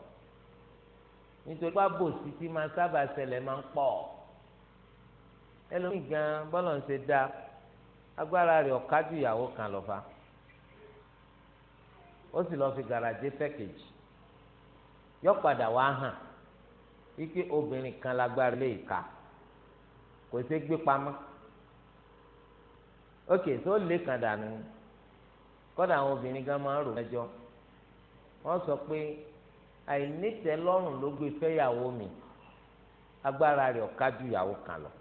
nítorí pé àbòsí tí máa sábà ṣẹlẹ̀ máa ń pọ̀ ẹlòmíì gan bọ́lọ̀ ń ṣe dáa agbára rẹ̀ ọ̀ká ju ìyàwó kan lọ́fà ó sì lọ́ọ́ fi gàràjé fẹ́ yọ padà wá hàn ike obìnrin kan lágbára lè ka kò sí gbé pamọ́ ok tó lè kàn dànù kọ́dà àwọn obìnrin gan máa ń rò A wọ́n sọ pé àìnítẹ́lọ́rùn ló gbé fẹ́yàwó mi agbára rẹ̀ ọ̀ka ju ìyàwó kan lọ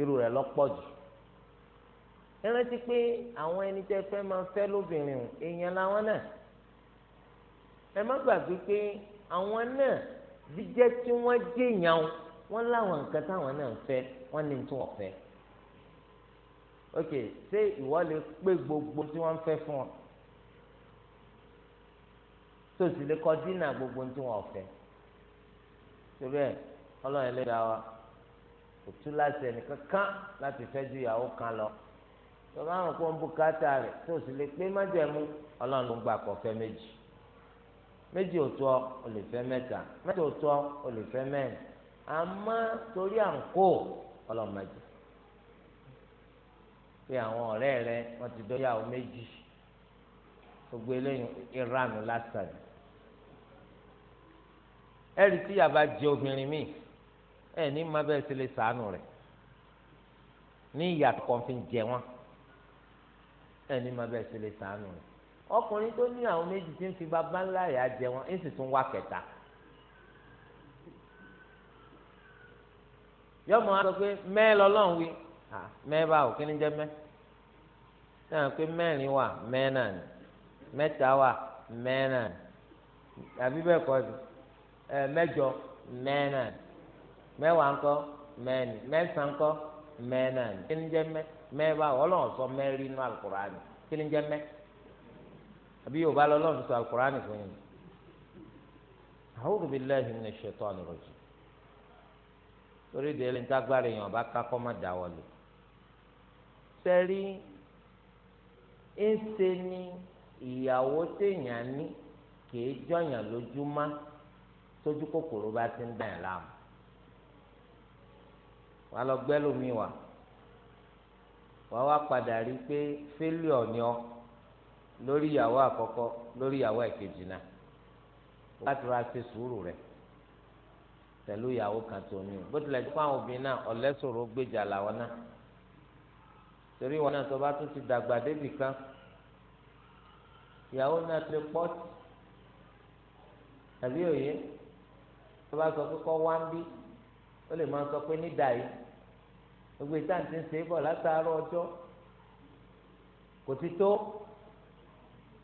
irú rẹ̀ lọ́pọ̀ jù ẹ rántí pé àwọn ẹni tẹ́ fẹ́ máa fẹ́ lóbìnrin èèyàn làwọn náà ẹ má gbàgbé pé. àwọn náà jíjẹ́ tí wọ́n jèèyàn wọ́n láwọn nǹkan táwọn náà ń fẹ́ wọ́n ní tún ọ̀fẹ́ ok ṣé ìwọ lè pé gbogbo tí wọ́n ń fẹ́ fún ọ tó sì lè kọ dínà gbogbo tí wọ́n ọ̀fẹ́ torí ẹ̀ ọlọ́run ẹlẹ́dàá wa kò tú láti ẹnìkan kán láti fẹ́ ju ìyàwó kan lọ tó bá wọn kó ń bùkátà rẹ̀ tó sì lè pé májẹ̀mú ọlọ́run ló ń gbà kọ́ fẹ́ méjì méjì òtọ́ o lè fẹ́ mẹ́ta mẹ́ta òtọ́ o lè fẹ́ mẹ́rin àmọ́ torí à ń kó ọlọ́mọdé pé àwọn ọ̀rẹ́ rẹ wọ́n ti dọ́yàwó méjì gbogbo eléyìí ìranù lásán ẹ̀rí tí yàrá jẹ obìnrin míì ẹ̀ ní má bẹ́ẹ̀ sì lè sàánù rẹ̀ ní ìyàtọ̀ kan fi ń jẹ wọ́n ẹ̀ ní má bẹ́ẹ̀ sì lè sàánù rẹ̀. ọkùnrin tó ní àwọn méjì tí ń fi bàbá ńlá yà jẹ wọn ń sì tún wá kẹta yọmọ sọ pé mẹ́ẹ̀ lọ́lọ́run wí mẹ́ẹ̀ báwo kí ni jẹ́ mẹ́ẹ̀ náà pé mẹ́rin wà mẹ́ẹ̀ náà ni mẹ́ta wà mẹ́ẹ̀ náà ni ẹ mẹ́jọ mẹ́ẹ̀ náà ni mẹ́wàá ńkọ́ mẹ́ẹ̀ ni àbí yorùbá lọ́lọ́run sọ alukur'ani fún yín a'udhu billahi minash shaitani rajim torí de ẹni tágbára èèyàn bá ká kọ́ má dáwọ́ lò sẹ́rí ẹsẹ̀ ni ìyàwó téèyàn ní kìí jọyàn lójúmọ́ tójú kòkòrò bá ti ń dàn yàn láàmú wàá lọ gbẹ́ lómi wà wá padà rí i pé fẹ́líọ̀ ni ọ́ lórí ìyàwó àkọ́kọ́ lórí ìyàwó ẹ̀kejì náà láti ra ṣe sùúrù rẹ̀ pẹ̀lú ìyàwó kan tó ní o bó tilẹ̀ fún àwọn obìnrin náà ọ̀lẹ́sọ̀rọ̀ gbèjà làwọn náà torí wọn náà tó bá tún ti dàgbà débì kan ìyàwó náà ti pọ́ọ̀tì àbí òye tó bá sọ pé kọ́ wá bí ó lè máa sọ pé nídà yìí gbogbo ìtàn ti ń ṣe é bọ̀ látàárọ̀ ọjọ́ kò ti tó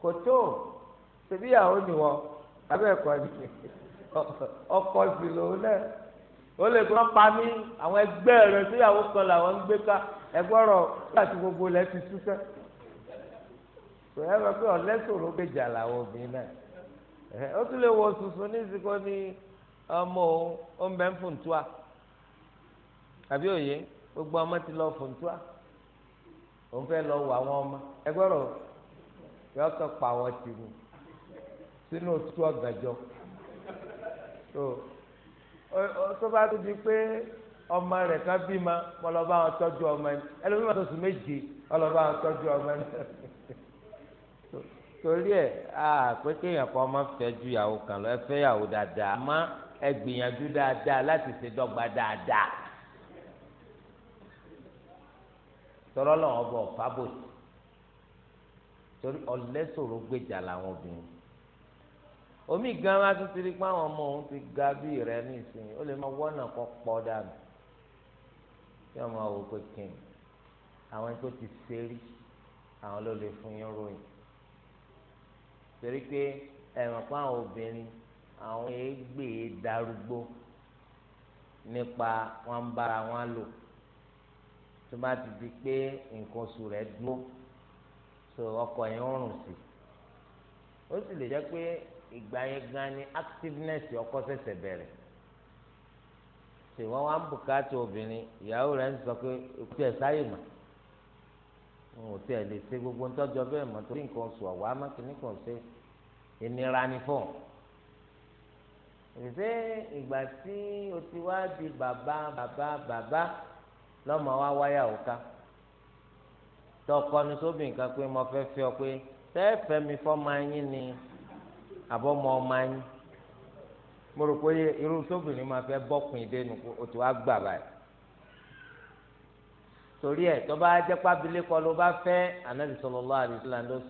kò tó ṣebí ìyàwó ni wọ abẹ́ ẹ̀kọ́ ni ọkọ sì lòun náà ó lè kó pa mí àwọn ẹgbẹ́ rẹ síyàwó kan làwọn ń gbé ká ẹgbọ́rọ̀ láti gbogbo lẹ́ ti túṣẹ́ kò yẹ kó pé ọ̀lẹ́sọ̀rọ̀ gbèjà làwọn obìnrin náà ó tún lè wọ sùsùn ní ìsìnkú ní ọmọ òun ó ń bẹ ń fùntúà àbí òye gbogbo ọmọ ti lọ fùntúà òun fẹ́ lọ wọ àwọn ọmọ ẹgbọ́rọ̀ yọ kàn pa àwọn tìrù sínú òtútù ọ̀gànjọ́ tó tó bá tó di pé ọmọ rẹ̀ ká bí ma mo lọ bá wọn tọ́jú ọmọ ẹni ẹlòmíràn tó sùn méje mo lọ bá wọn tọ́jú ọmọ ẹni torí ẹ̀ pé kéèyàn kan máa fẹ́ ju ìyàwó kan lọ ẹ fẹ́ ìyàwó dáadáa má ẹ gbìyànjú dáadáa láti ṣe dọ́gba dáadáa tọ́lọ́lọ́wọ́ bọ̀ fábòsì torí ọ̀lẹ́sọ̀rọ̀ gbèjà làwọn obìnrin omi gan wa tún ti rí pé àwọn ọmọ òun ti ga bí rẹ nísìnyí ó lè máa wọ́nà kọ́ pọ́ dànù tí wọ́n máa wò pé kíni àwọn tó ti sẹ́rí àwọn ló lè fún yín ròyìn torí pé ẹ̀wọ̀n pa àwọn obìnrin àwọn ègbè darúgbó nípa wọn bára wọn lò tó bá ti di pé nǹkan oṣù rẹ̀ dúró so ọkọ̀ yẹn ń rùn sí ó sì lè jẹ́ pé ìgbà yẹn gan ni activeness ọkọ̀ ṣẹ̀ṣẹ̀ bẹ̀rẹ̀ ṣe wọ́n wá ń bùkátà obìnrin ìyàwó rẹ̀ ń sọ pé òkú ẹ̀ sáyè mà òun ò tí ẹ̀ lè ṣe gbogbo ń tọ́jọ́ bẹ́ẹ̀ mọ́ torí nǹkan oṣù ọ̀wá mákìnní kan ṣe ìnira ni fún un ìgbà tí o ti wá di bàbá bàbá bàbá lọ́mọ wa wáyà òka tọkọnu sóbì nǹkan pé mo fẹ́ fi ọ pé tẹ́ẹ̀fẹ́ mi ni àbọ̀ mọ ọmọ anyin mo rò pé irú sóbìnrin máa fẹ́ bọ́kùn ìdẹ́nu o torí ẹ kọ́ ló bá fẹ́ anabi lọ́dọ̀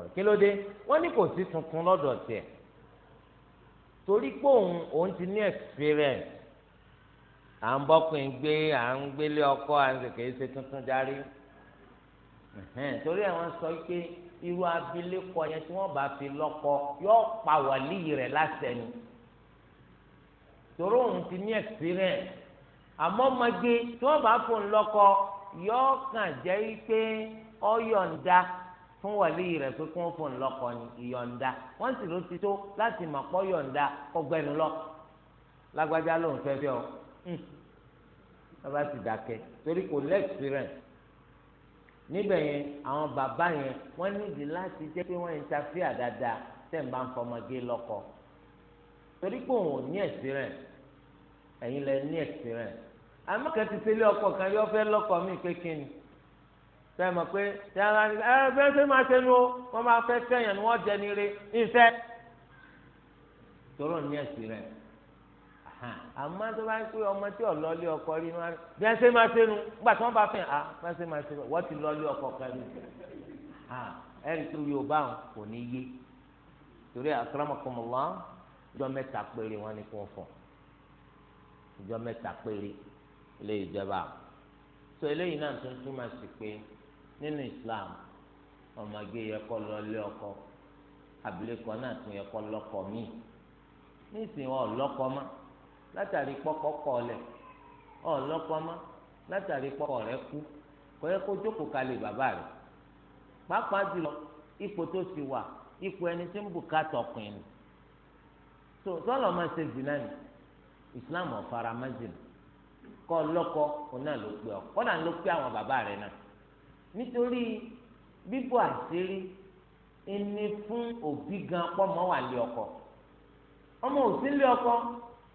rẹ̀ kí wọ́n ní kò sí tuntun lọ́dọ̀ tiẹ̀ torí pé òun òun ti ní experience à ń gbé torí ẹ̀ wọ́n sọ pé irú abilékọ yẹn tí wọ́n bá fi lọ́kọ yóò pa wàlíì rẹ̀ lásẹ̀ ni torí òun ti ní experience àmọ́ magi tí wọ́n bá fún un lọ́kọ yóò kàn jẹ́ pé ó yọ̀ǹda fún wàlíì rẹ̀ pé kí wọ́n fún un lọ́kọ ni ìyọ̀ǹda wọ́n sì ló ti tó láti mọ̀ pọ́ yọ̀ǹda kọgbẹ́nu lọ lágbájá ló ń fẹ́ fẹ́ ọ bàbá ti dákẹ́ torí kò lẹ́ experience níbẹ̀ yẹn àwọn bàbá yẹn wọ́n nídìí láti jẹ́ pé wọ́n interfere dáadáa tẹ̀ ń bá ń fọmọgé lọ́kọ torí pé òun ò ní experience ẹ̀yin lẹ ní experience àmọ́ kẹ́ ti sílé ọkọ kan yọ fẹ́ lọ́kọ mi pé kí ni sẹ́yìn mọ̀ pé ṣé ara ni ẹ bẹ́ẹ̀ ṣe máa ṣe nu o wọ́n máa fẹ́ sẹ́yìn ni wọ́n jẹ ní ire ìfẹ́ tòrò ní experience àmọ́ tó bá ń pè ọmọ tí ò lọ́ọ́lé ọkọ rí wọn bí wọ́n ṣe máa ṣe nu nígbà tí wọ́n bá fẹ́ ah bí wọ́n ṣe máa ṣe wọ́n ti lọ́ọ́lé ọkọ kan rí ẹ̀rí tó yóò bá wọn kò ní yé torí akramakumullah ìjọ mẹ́ta péré wọn ni kò fọ ìjọ mẹ́ta péré eléyìí jẹba tó eléyìí náà tún túmọ̀ sí pé nínú Islam ọmọge yẹ kó lọ́ọ́lé ọkọ abilékọ náà tún yẹ kó lọ́kọ míì nísìnyí wọn ò lọ́kọ látàrí pọkọkọ lẹ ọlọpọmọ látàrí pọkọ rẹ kú kọyẹ kó jókòó kalẹ̀ bàbá rẹ pàápàá jùlọ ipò tó ti wà ipò ẹni tí ń bùkátà ni tó sọlọ ṣe zina ni islam ọ̀fara máa zina kọ́ pe ọ ló pe àwọn bàbá rẹ náà nítorí bíbọ àṣírí ẹni fún òbí ọkọ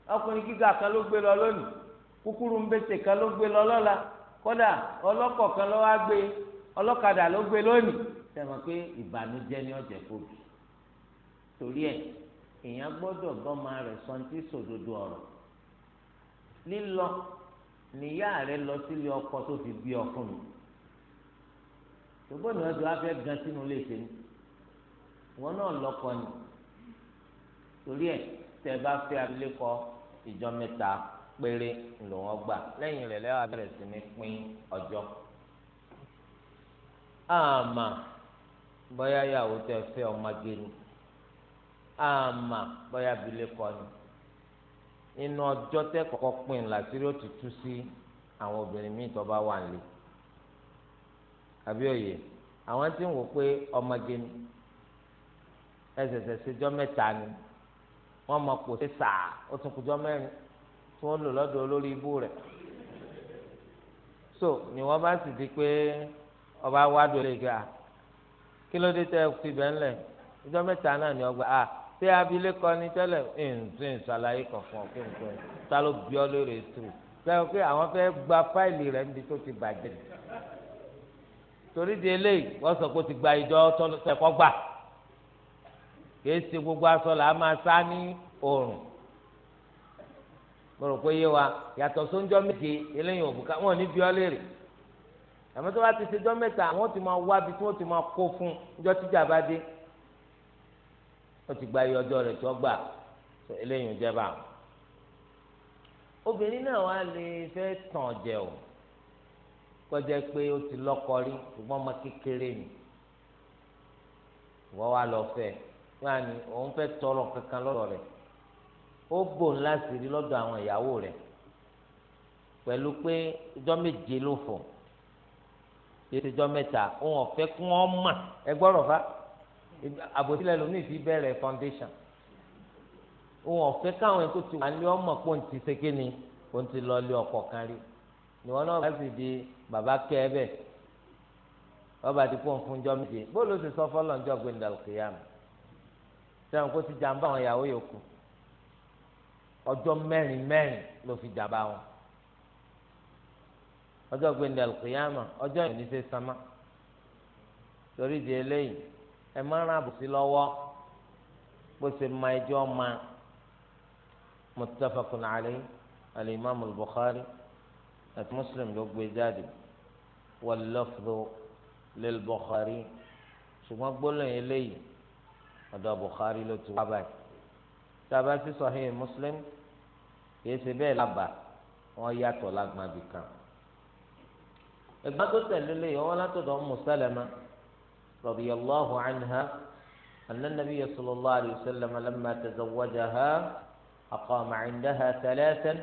ọkùnrin gíga kan ló gbé lọ lónìí kúkúrú ńbẹ́sẹ̀ kan ló gbé lọ lọ́la kódà ọlọ́kọ̀ kan ló wá gbé ọlọ́kadà ló gbé lónìí sẹ́wọ̀n pé ìbànújẹ́ ni ọ̀jẹ̀ fòbí torí ẹ̀ èèyàn gbọ́dọ̀ bọ́mọ rẹ̀ sọ́ńtì sòdodo ọ̀rọ̀ lílọ níyà rẹ̀ lọ sílé ọkọ tó fi bí ọkùnrin ṣùgbọ́n ní wọ́n fẹ́ gan sínú ilé ìṣẹ́ni wọn náà lọ́kọ ni torí ẹ̀ tẹ́ bá fẹ́ abilékọ ìjọ mẹ́ta péré ló wọn gbà lẹ́yìn rẹ̀ lẹwà bẹ̀rẹ̀ sí ní pín ọjọ́ àmà bóyá yàwó tẹ fẹ́ ọmọge ni àmà bóyá abilé kọ ni nínú ọjọ́ tẹ kọ́kọ́ pín làṣírí òtútù sí àwọn obìnrin míì tó bá wà nílé àbí òye àwọn tí ń wò pé ọmọge ni ẹsẹsẹ ṣèjọ mẹ́ta ni wọ́n mọ̀ kò sí sàá ó tún kùjọ́ mẹ́rin tí wọ́n lò lọ́dọ̀ olórí ibú rẹ̀ so ni wọ́n bá sì di pé ọba wádùn lè ga kí ló dé tẹ́ fi bẹ́ẹ̀ lẹ̀ ìjọ mẹ́ta náà ni ọgbà a ṣé abilékọ ni tẹ́lẹ̀ ǹsìn ṣàlàyé kankan kí n sọ ta ló bí ọ lórí ètò sẹ́wọ́n pé àwọn fẹ́ gba fáìlì rẹ̀ níbi tó ti bàjẹ́ torí di eléyìí wọ́n sọ pé ó ti gba ìjọ tẹ́kọ̀ gbà kìí ṣe gbogbo aṣọ là á máa sá ní oòrùn mo rò pé yé wa yàtọ̀ sóńjọ́ méje eléyìí òbúkà wọn ò ní bí ọ léèrè àmọ́ tó bá ti ṣe jọ́ mẹ́ta wọ́n ti máa wá bí tí wọ́n ti máa kó fún níjọ́ tíjà bá dé wọ́n ti gba iye ọjọ́ rẹ̀ tó gbà eléyìí ń obìnrin náà wá lè fẹ́ tàn jẹ o kọjá pé ó ti lọ́kọ rí ṣùgbọ́n ọmọ kékeré ni wọ́n wá lọ fẹ́ẹ́ wọ́n á ní òun fẹ́ tọrọ kankan lọ́dọ̀ rẹ̀ ó bò ńlá sí rí lọ́dọ̀ àwọn ìyàwó rẹ̀ pẹ̀lú pé ọjọ́ méje ló fọ̀ ètò ìjọ mẹ́ta òun ọ̀fẹ́ kún ọ́ mà ẹ gbọ́dọ̀ fa àbòsílẹ̀ lómi fi bẹ̀rẹ̀ foundation òun ọ̀fẹ́ káwọn ẹ̀kọ́ ti wà ní ọmọ pọ̀ ní ti ṣeke ni kò ti lọ lé ọkọ̀ kan rí níwọ̀n náà bá sì di bàbá kẹ́ ẹ bẹ́ẹ̀ ọba ti pọ̀ fún ọjọ́ méje bó ló ti sọ fọ́lọ́ ọjọ́ gbẹ̀ndàlùkìyàmù sẹ́wọ̀n kó ti jàǹbá àwọn ìyàwó yòókù ọjọ́ mẹ́rin mẹ́rin ló fi jàǹbá wọn ọjọ́ gbẹ̀ndẹ̀ alùkìyàmà ọjọ́ ìrìnsẹ̀ sámá torí di eléyìí ẹ má rán àbùsí lọ́wọ́ bó ṣe ma ẹjọ́ ma muttafaqun alayhi al al-bukhari àti muslim ló gbé jáde wal lafzu lil-bukhari ṣùgbọ́n gbólóyìn eléyìí ọ̀dọ̀ Bukhari ló ti wá báyìí tàbá sí Sahih Muslim kìí ṣe bẹ́ẹ̀ lábàá wọn yàtọ̀ lágbàbí kan ẹgbẹ́ tó tẹ̀lé lé yìí wọn látọ̀dọ̀ Ummu Salama radiyallahu anha anna nabiyya sallallahu alayhi wa sallam lamma tazawwajaha aqama indaha thalathan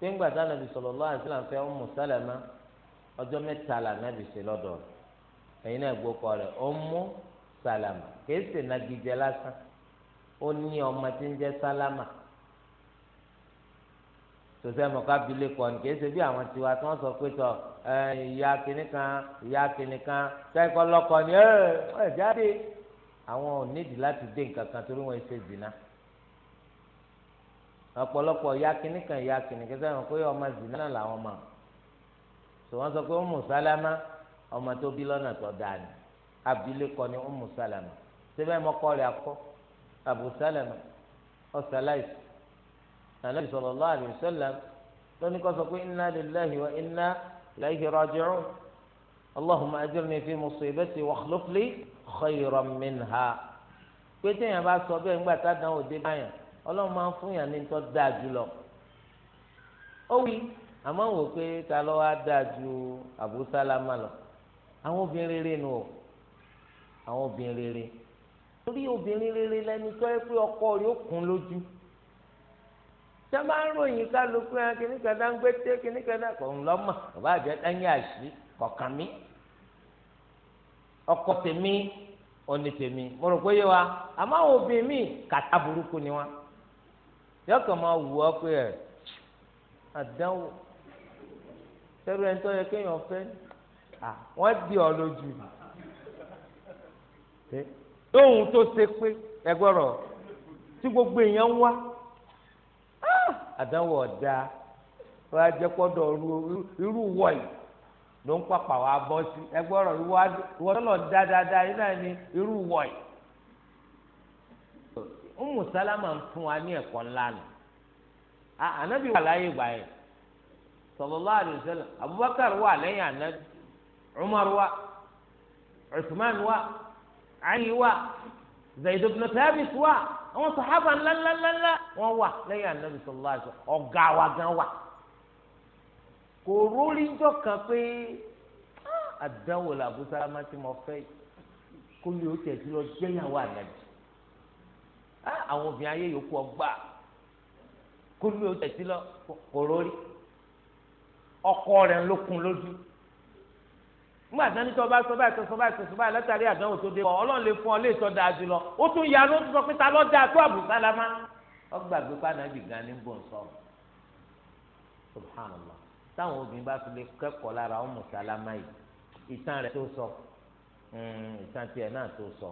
gbẹ̀ngbà tá nàbì sallallahu alayhi wa sallam fẹ́ Ummu Salama ọjọ́ mẹ́ta là nàbì náà gbọ́ kọ́ rẹ̀ salama, kìí ṣe nagijẹ lásán ó ní ọmọ tí ń jẹ sálámà tòsẹ́ mọ̀ká bilé kọ́ ni kìí ṣe bí àwọn tiwa tí wọ́n sọ pé tọ ìyá kìnnì kan ìyá kìnnì kan sẹ́kọ̀ lọ́kọ̀ ni ẹ ẹ jáde àwọn ò nídìí láti dé nǹkan kan torí wọn ṣe zina ọ̀pọ̀lọpọ̀ ìyá kìnnì kan ìyá kìnnì kan sẹ́wọ̀n pé ọmọ zina náà làwọn mọ̀ tòwọ́n sọ pé ó mú sálámà ọmọ tó bí lọ́nà tó dáa ni abilékọ ni Ummu Salama síbẹ̀ mọ́kọ́ rẹ̀ akọ́ Abu Salama ọ̀sálàìsì Ànábì sallallahu alaihi wasallam lónìí kọ́ sọ pé inna lillahi wa inna ilayhi raji'un Allahumma ajirni fi musibati wa akhlif li khayran minha pé téèyàn bá sọ bẹ́ẹ̀ ńgbà tá a dánwò dé báyàn ọlọ́run máa ń fún yàn ní tó dáa jù lọ. ó wí àmọ́ wò pé ta ló wá dáa ju Abu Salama lọ àwọn obìnrin rere nù o àwọn obìnrin rere torí obìnrin rere lẹni tó yẹ pé ọkọ rẹ̀ ó kún lójú tẹ máa ń ròyìn kálukú yẹn kìnnìkan dá ń gbé tẹ kìnnìkan dá kò ń lọ́mọ bàbá àjẹ ẹ̀yìn àṣì kọ̀ọ̀kan mi ọkọ tèmi òní tèmi mo rò pé yé wa àmọ́ àwọn obìnrin mi kàtà burúkú ni wa yọkàn máa wù ọ pé ẹ àdánwò tẹ́lú ẹni tó yẹ kéèyàn fẹ́ wọ́n di ọ lójú ni. ohun tó ṣe pé ẹgbọ́rọ̀ tí gbogbo èèyàn ń wá ah, àdánwò ọ̀dà wọ́n á jẹ́ pọ́dọ̀ irú wọ̀ ló ń pàpà wá bọ́ sí ẹgbọ́rọ̀ ìwọ tọ́lọ̀ dáadáa yìí ni irú ń fún wa ní ẹ̀kọ́ ńlá nù ànábì wà láyé ìgbà yẹn sallallahu Abubakar wà lẹ́yìn ànábì Umar wà Ali wà Zayd ibn Thabit wà àwọn sàhábà ńláńláńlá wọ́n wà lẹ́yìn anabi sallallahu alaihi wasallam ọ̀gá wa gan wà kò rórí jọ kan pé ah, àdánwò làbúsá má ti mọ fẹ́ kó lè ó tẹ̀sí lọ jẹ́yàwó ànábì ah, àwọn obìnrin ayé yòókù ọgbà kó lè ó tẹ̀sí lọ kò rórí ọkọ rẹ̀ ló lójú nígbà tí wọn ní tí wọn bá sọ báyìí tó sọ báyìí tó sọ báyìí látàrí àdánwò tó dé ọ Ọlọ́run lè fún ọ lè sọ dáa jù lọ ó tún ya ló tún sọ pé ta lọ dáa tó Abu Salama ọgbàgbé pàdánù gan ní bò ń sọ subhanallah táwọn obìnrin bá fi lè kẹ́kọ̀ọ́ lára ọmọ sálámà yìí ìtàn rẹ̀ tó sọ mm, ìtàn tiẹ̀ náà tó sọ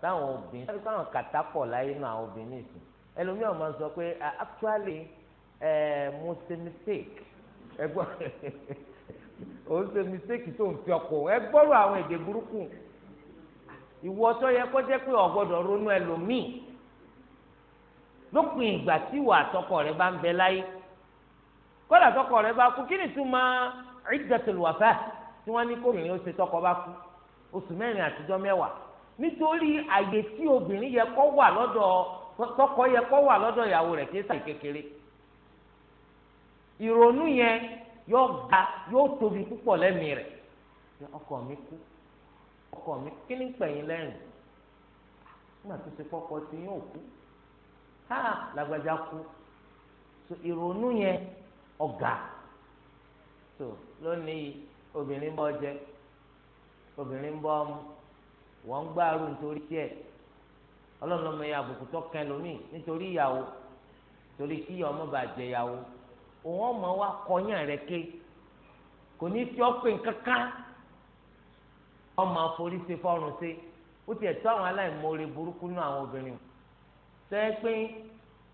táwọn obìnrin sáré káwọn kàtá pọ̀ láyé náà àwọn obìnrin sùn ẹlòmíràn máa ń pé ah, actually eh, mo ṣe mistake ẹgbọ́n òun ṣe mistake tó ń fi ọkọ ẹ gbọ́rọ̀ àwọn èdè burúkú ìwọ tó yẹ kó jẹ́ pé ọ̀gbọ́dọ̀ ronú ẹlòmíì lópin ìgbà tí ìwà àtọkọ rẹ bá ń bẹ láyé tọkọ rẹ bá kú kí ni túmọ̀ iddatul wafa tí wọ́n ní kóbìnrin ó ṣe tọkọ bá kú oṣù mẹ́rin àtijọ́ mẹ́wàá nítorí àyè tí obìnrin yẹ kó tọkọ yẹ wà ìyàwó kí yóò ga yóò tóbi púpọ̀ lẹ́mìí rẹ̀ ọkọ mi kú ọkọ mi kí ni pẹ̀yìn lẹ́rìn nígbà tó ṣe pọ́kọ tí yóò kú ha làgbàjá kú so ìrònú yẹn ọ̀gá so lónìí obìnrin bọ́ jẹ obìnrin bọ́ mu wọ́n ń gbàrú nítorí tiẹ̀ ọlọ́run lọ́mọ yẹn àbùkù tó kẹ́ lómi nítorí ìyàwó torí kí ọmọ bàjẹ́ ìyàwó. òun ọmọ wa kọyàn rẹ ké kò ní fi ọpẹ kankan ọmọ àforí ṣe fọrùn ṣe ó tiẹ̀ tó àwọn aláìmoore burúkú náà àwọn obìnrin sẹ́ẹ́ pé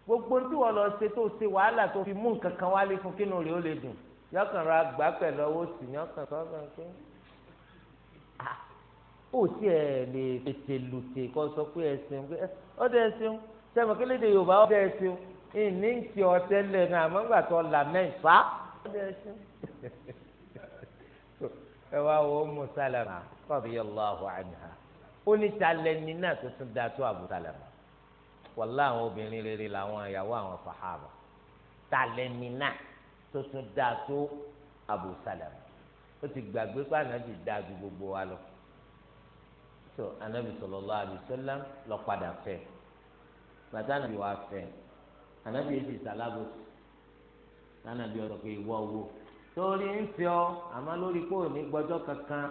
gbogbo tí wọ́n lọ ṣe tó ṣe wàhálà tó fi mú nǹkan kan wálé fún kínú rẹ̀ ó lè dùn yọkàn ra gbà pẹ̀lú ọwọ́ sí yọkàn sọ́kàn pé ó sì ẹ̀ lè tètè lùtè kọ́ sọ pé ẹ pé ọ́ dẹ́ ṣeun sẹ́mi kéléde Yorùbá ọ́ dẹ́ ṣeun ìní ń kí ọ tẹ́lẹ̀ náà àmọ́ gbà tó là mẹ́fà. ẹ wá wo Ummu Salama radiyallahu anha ó ní talẹ́ni náà tó tún da tó Abu Salama wàlá àwọn obìnrin rere làwọn ìyàwó àwọn sàhábà talẹ́ni náà tó tún da tó Abu ó ti gbàgbé pé ànábì da ju gbogbo wa lọ tó ànábì sallallahu alaihi wasallam lọ padà fẹ́ bàtà ànábì wa fẹ́ ànábì èsì sàlábò lánàbí ọ̀rọ̀ pé ìwọ owó torí ń fi ọ àmọ́ lórí pé òní gbọ́jọ́ kankan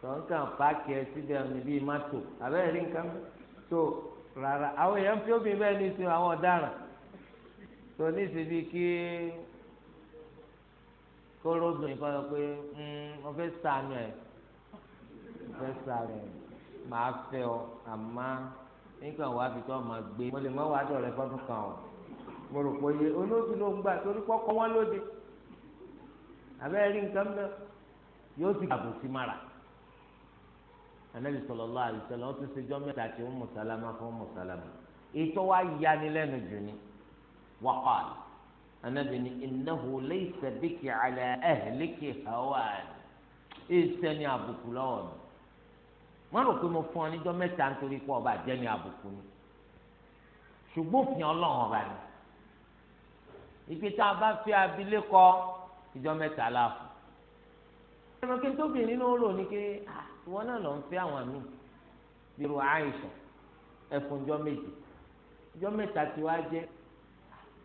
tó ń kàn páàkì ẹ síbẹ̀ níbí mọ́tò àbẹ́rẹ́ rí nǹkan tó rárá àwọn èèyàn fi obìnrin bẹ́ẹ̀ ní sin àwọn ọ̀daràn tó ní síbi kí kóró obìnrin kan sọ pé hmm, mo fẹ́ sànù ẹ̀ mo fẹ́ sànù ẹ̀ màá fẹ́ ọ àmọ́ nígbà wàá fi tó ọmọ gbé mo lè mọ́ wàá dọ̀rẹ́ fọ́dún kan o mo rò pé iye olóògùn ló ń gbà torí kọ́kọ́ wọn lóde abẹ́rẹ́ rí nǹkan mọ́ yóò sì gbàgbọ́ sí mara anabi sallallahu alaihi wasallam ó ti ṣèjọ mẹ́ta tí Ummu Salama fún Ummu Salama ètò wa yanilẹ́nu jù ni waqal anabi ni innahu laysa biki ala ahliki hawan èsẹ ni àbùkù lọ́wọ́ mi wọ́n rò pé mo fún ọ níjọ́ mẹ́ta nítorí pé ọba jẹ́ ni àbùkù ni ṣùgbọ́n òfin ọlọ́run ọba ni ìpè tá a bá fi abilékọ ìjọ mẹ́ta la fún. ẹnu kí n tóbi nínú ó lò ní kí ìwọ náà lọ ń fẹ́ àwọn àmì bírò àìsàn ẹ̀fọn ìjọ méje ìjọ mẹ́ta tí wàá jẹ́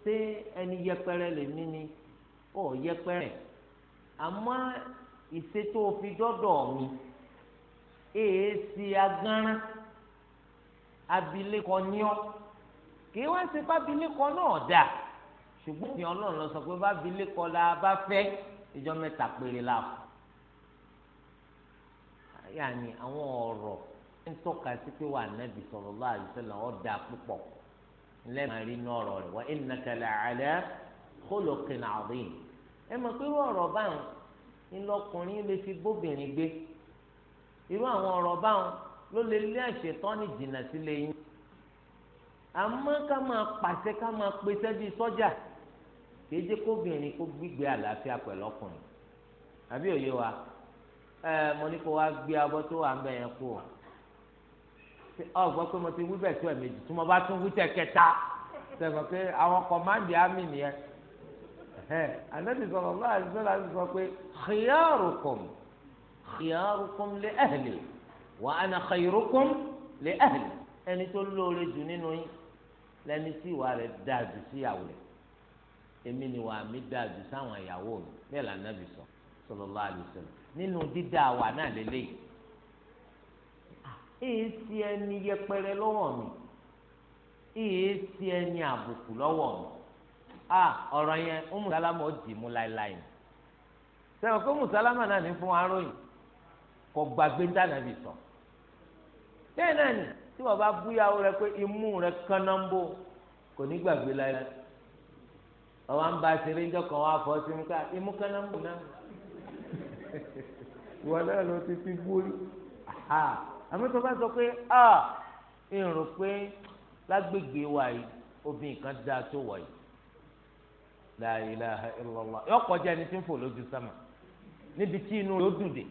ṣé ẹni yẹpẹrẹ lè mí ni ó yẹpẹrẹ àmọ́ ìṣètò òfin dọ́dọ̀ mi èé sí agánrán abilékọ ní ọ kí wọ́n ṣe fábilékọ náà dáa ṣùgbọ́n ìyẹn ọlọ́run lọ sọ pé bá bilé kọ́ la bá fẹ́ ìjọ mẹ́ta péré la fún yàní àwọn ọ̀rọ̀ ń tọ́ka sí pé wà nábì sallallahu alaihi wasallam ọ̀dà púpọ̀ lẹ́ẹ̀mọ́rí ní ọ̀rọ̀ rẹ̀ wa innaka la'ala khuluqin azim ẹ mọ̀ pé irú ọ̀rọ̀ báwọn ńlọkùnrin lè fi bóbìnrin gbé irú àwọn ọ̀rọ̀ báwọn ló lè lé àṣetán ní sílé yín àmọ́ ká máa pàṣẹ ká máa pèsè bíi sọ́jà. So kìí jẹ́ kóbìnrin kó gbígbé àlàáfíà pẹ̀lú ọkùnrin àbí òye wa ẹ mo ní kó wá gbé abọ́ tó wà ń bẹ̀ yẹn kú o ọ gbọ́ pé mo ti wí bẹ̀ tó ẹ̀ méjì tí mo bá tún wí tẹ̀ kẹta sẹ̀kọ̀ pé àwọn kọ̀máǹdì àmì nìyẹn anabi sọlọ lọ àti sọlọ àti sọ pé khiyarukum khiyarukum li ahli wa ana khayrukum li ahli ẹni tó lóore jù nínú yín lẹni tí ìwà rẹ̀ dáa jù síyàwó rẹ̀ èmi ni wàá mi dáa jù sáwọn ìyàwó mi bẹ́ẹ̀ là nàbì sọ sallallahu alaihi wasallam nínú dídá wà náà lélẹ́yìí èyí ti ẹni yẹpẹrẹ lọ́wọ́ mi èyí ti ẹni àbùkù lọ́wọ́ mi a ọ̀rọ̀ yẹn ọmọ sálámà ó dì mú láéláé ni sẹ́wọ̀n kó mùsálámà náà ní fún aróyìn kò gbàgbé dànàbì sọ bẹ́ẹ̀ náà ni tí wọ́n bá búyàwó rẹ pé imú rẹ kánnáńbó kò ní gbàgbé láéláé ọwọ́ à ń ba ṣeré ńjọ́ kan wá fọ́ sí mi ká ah, imú kaná mú náà ìwọ náà ló ti fi gbórí àmì tó bá sọ pé a ń rò pé lágbègbè wa yìí obìnrin kan dáa tó wà yìí la ilaha illallah yọ kọjá ẹni tí ń fò lójú sámà níbi tí inú rẹ̀ ó dùn dé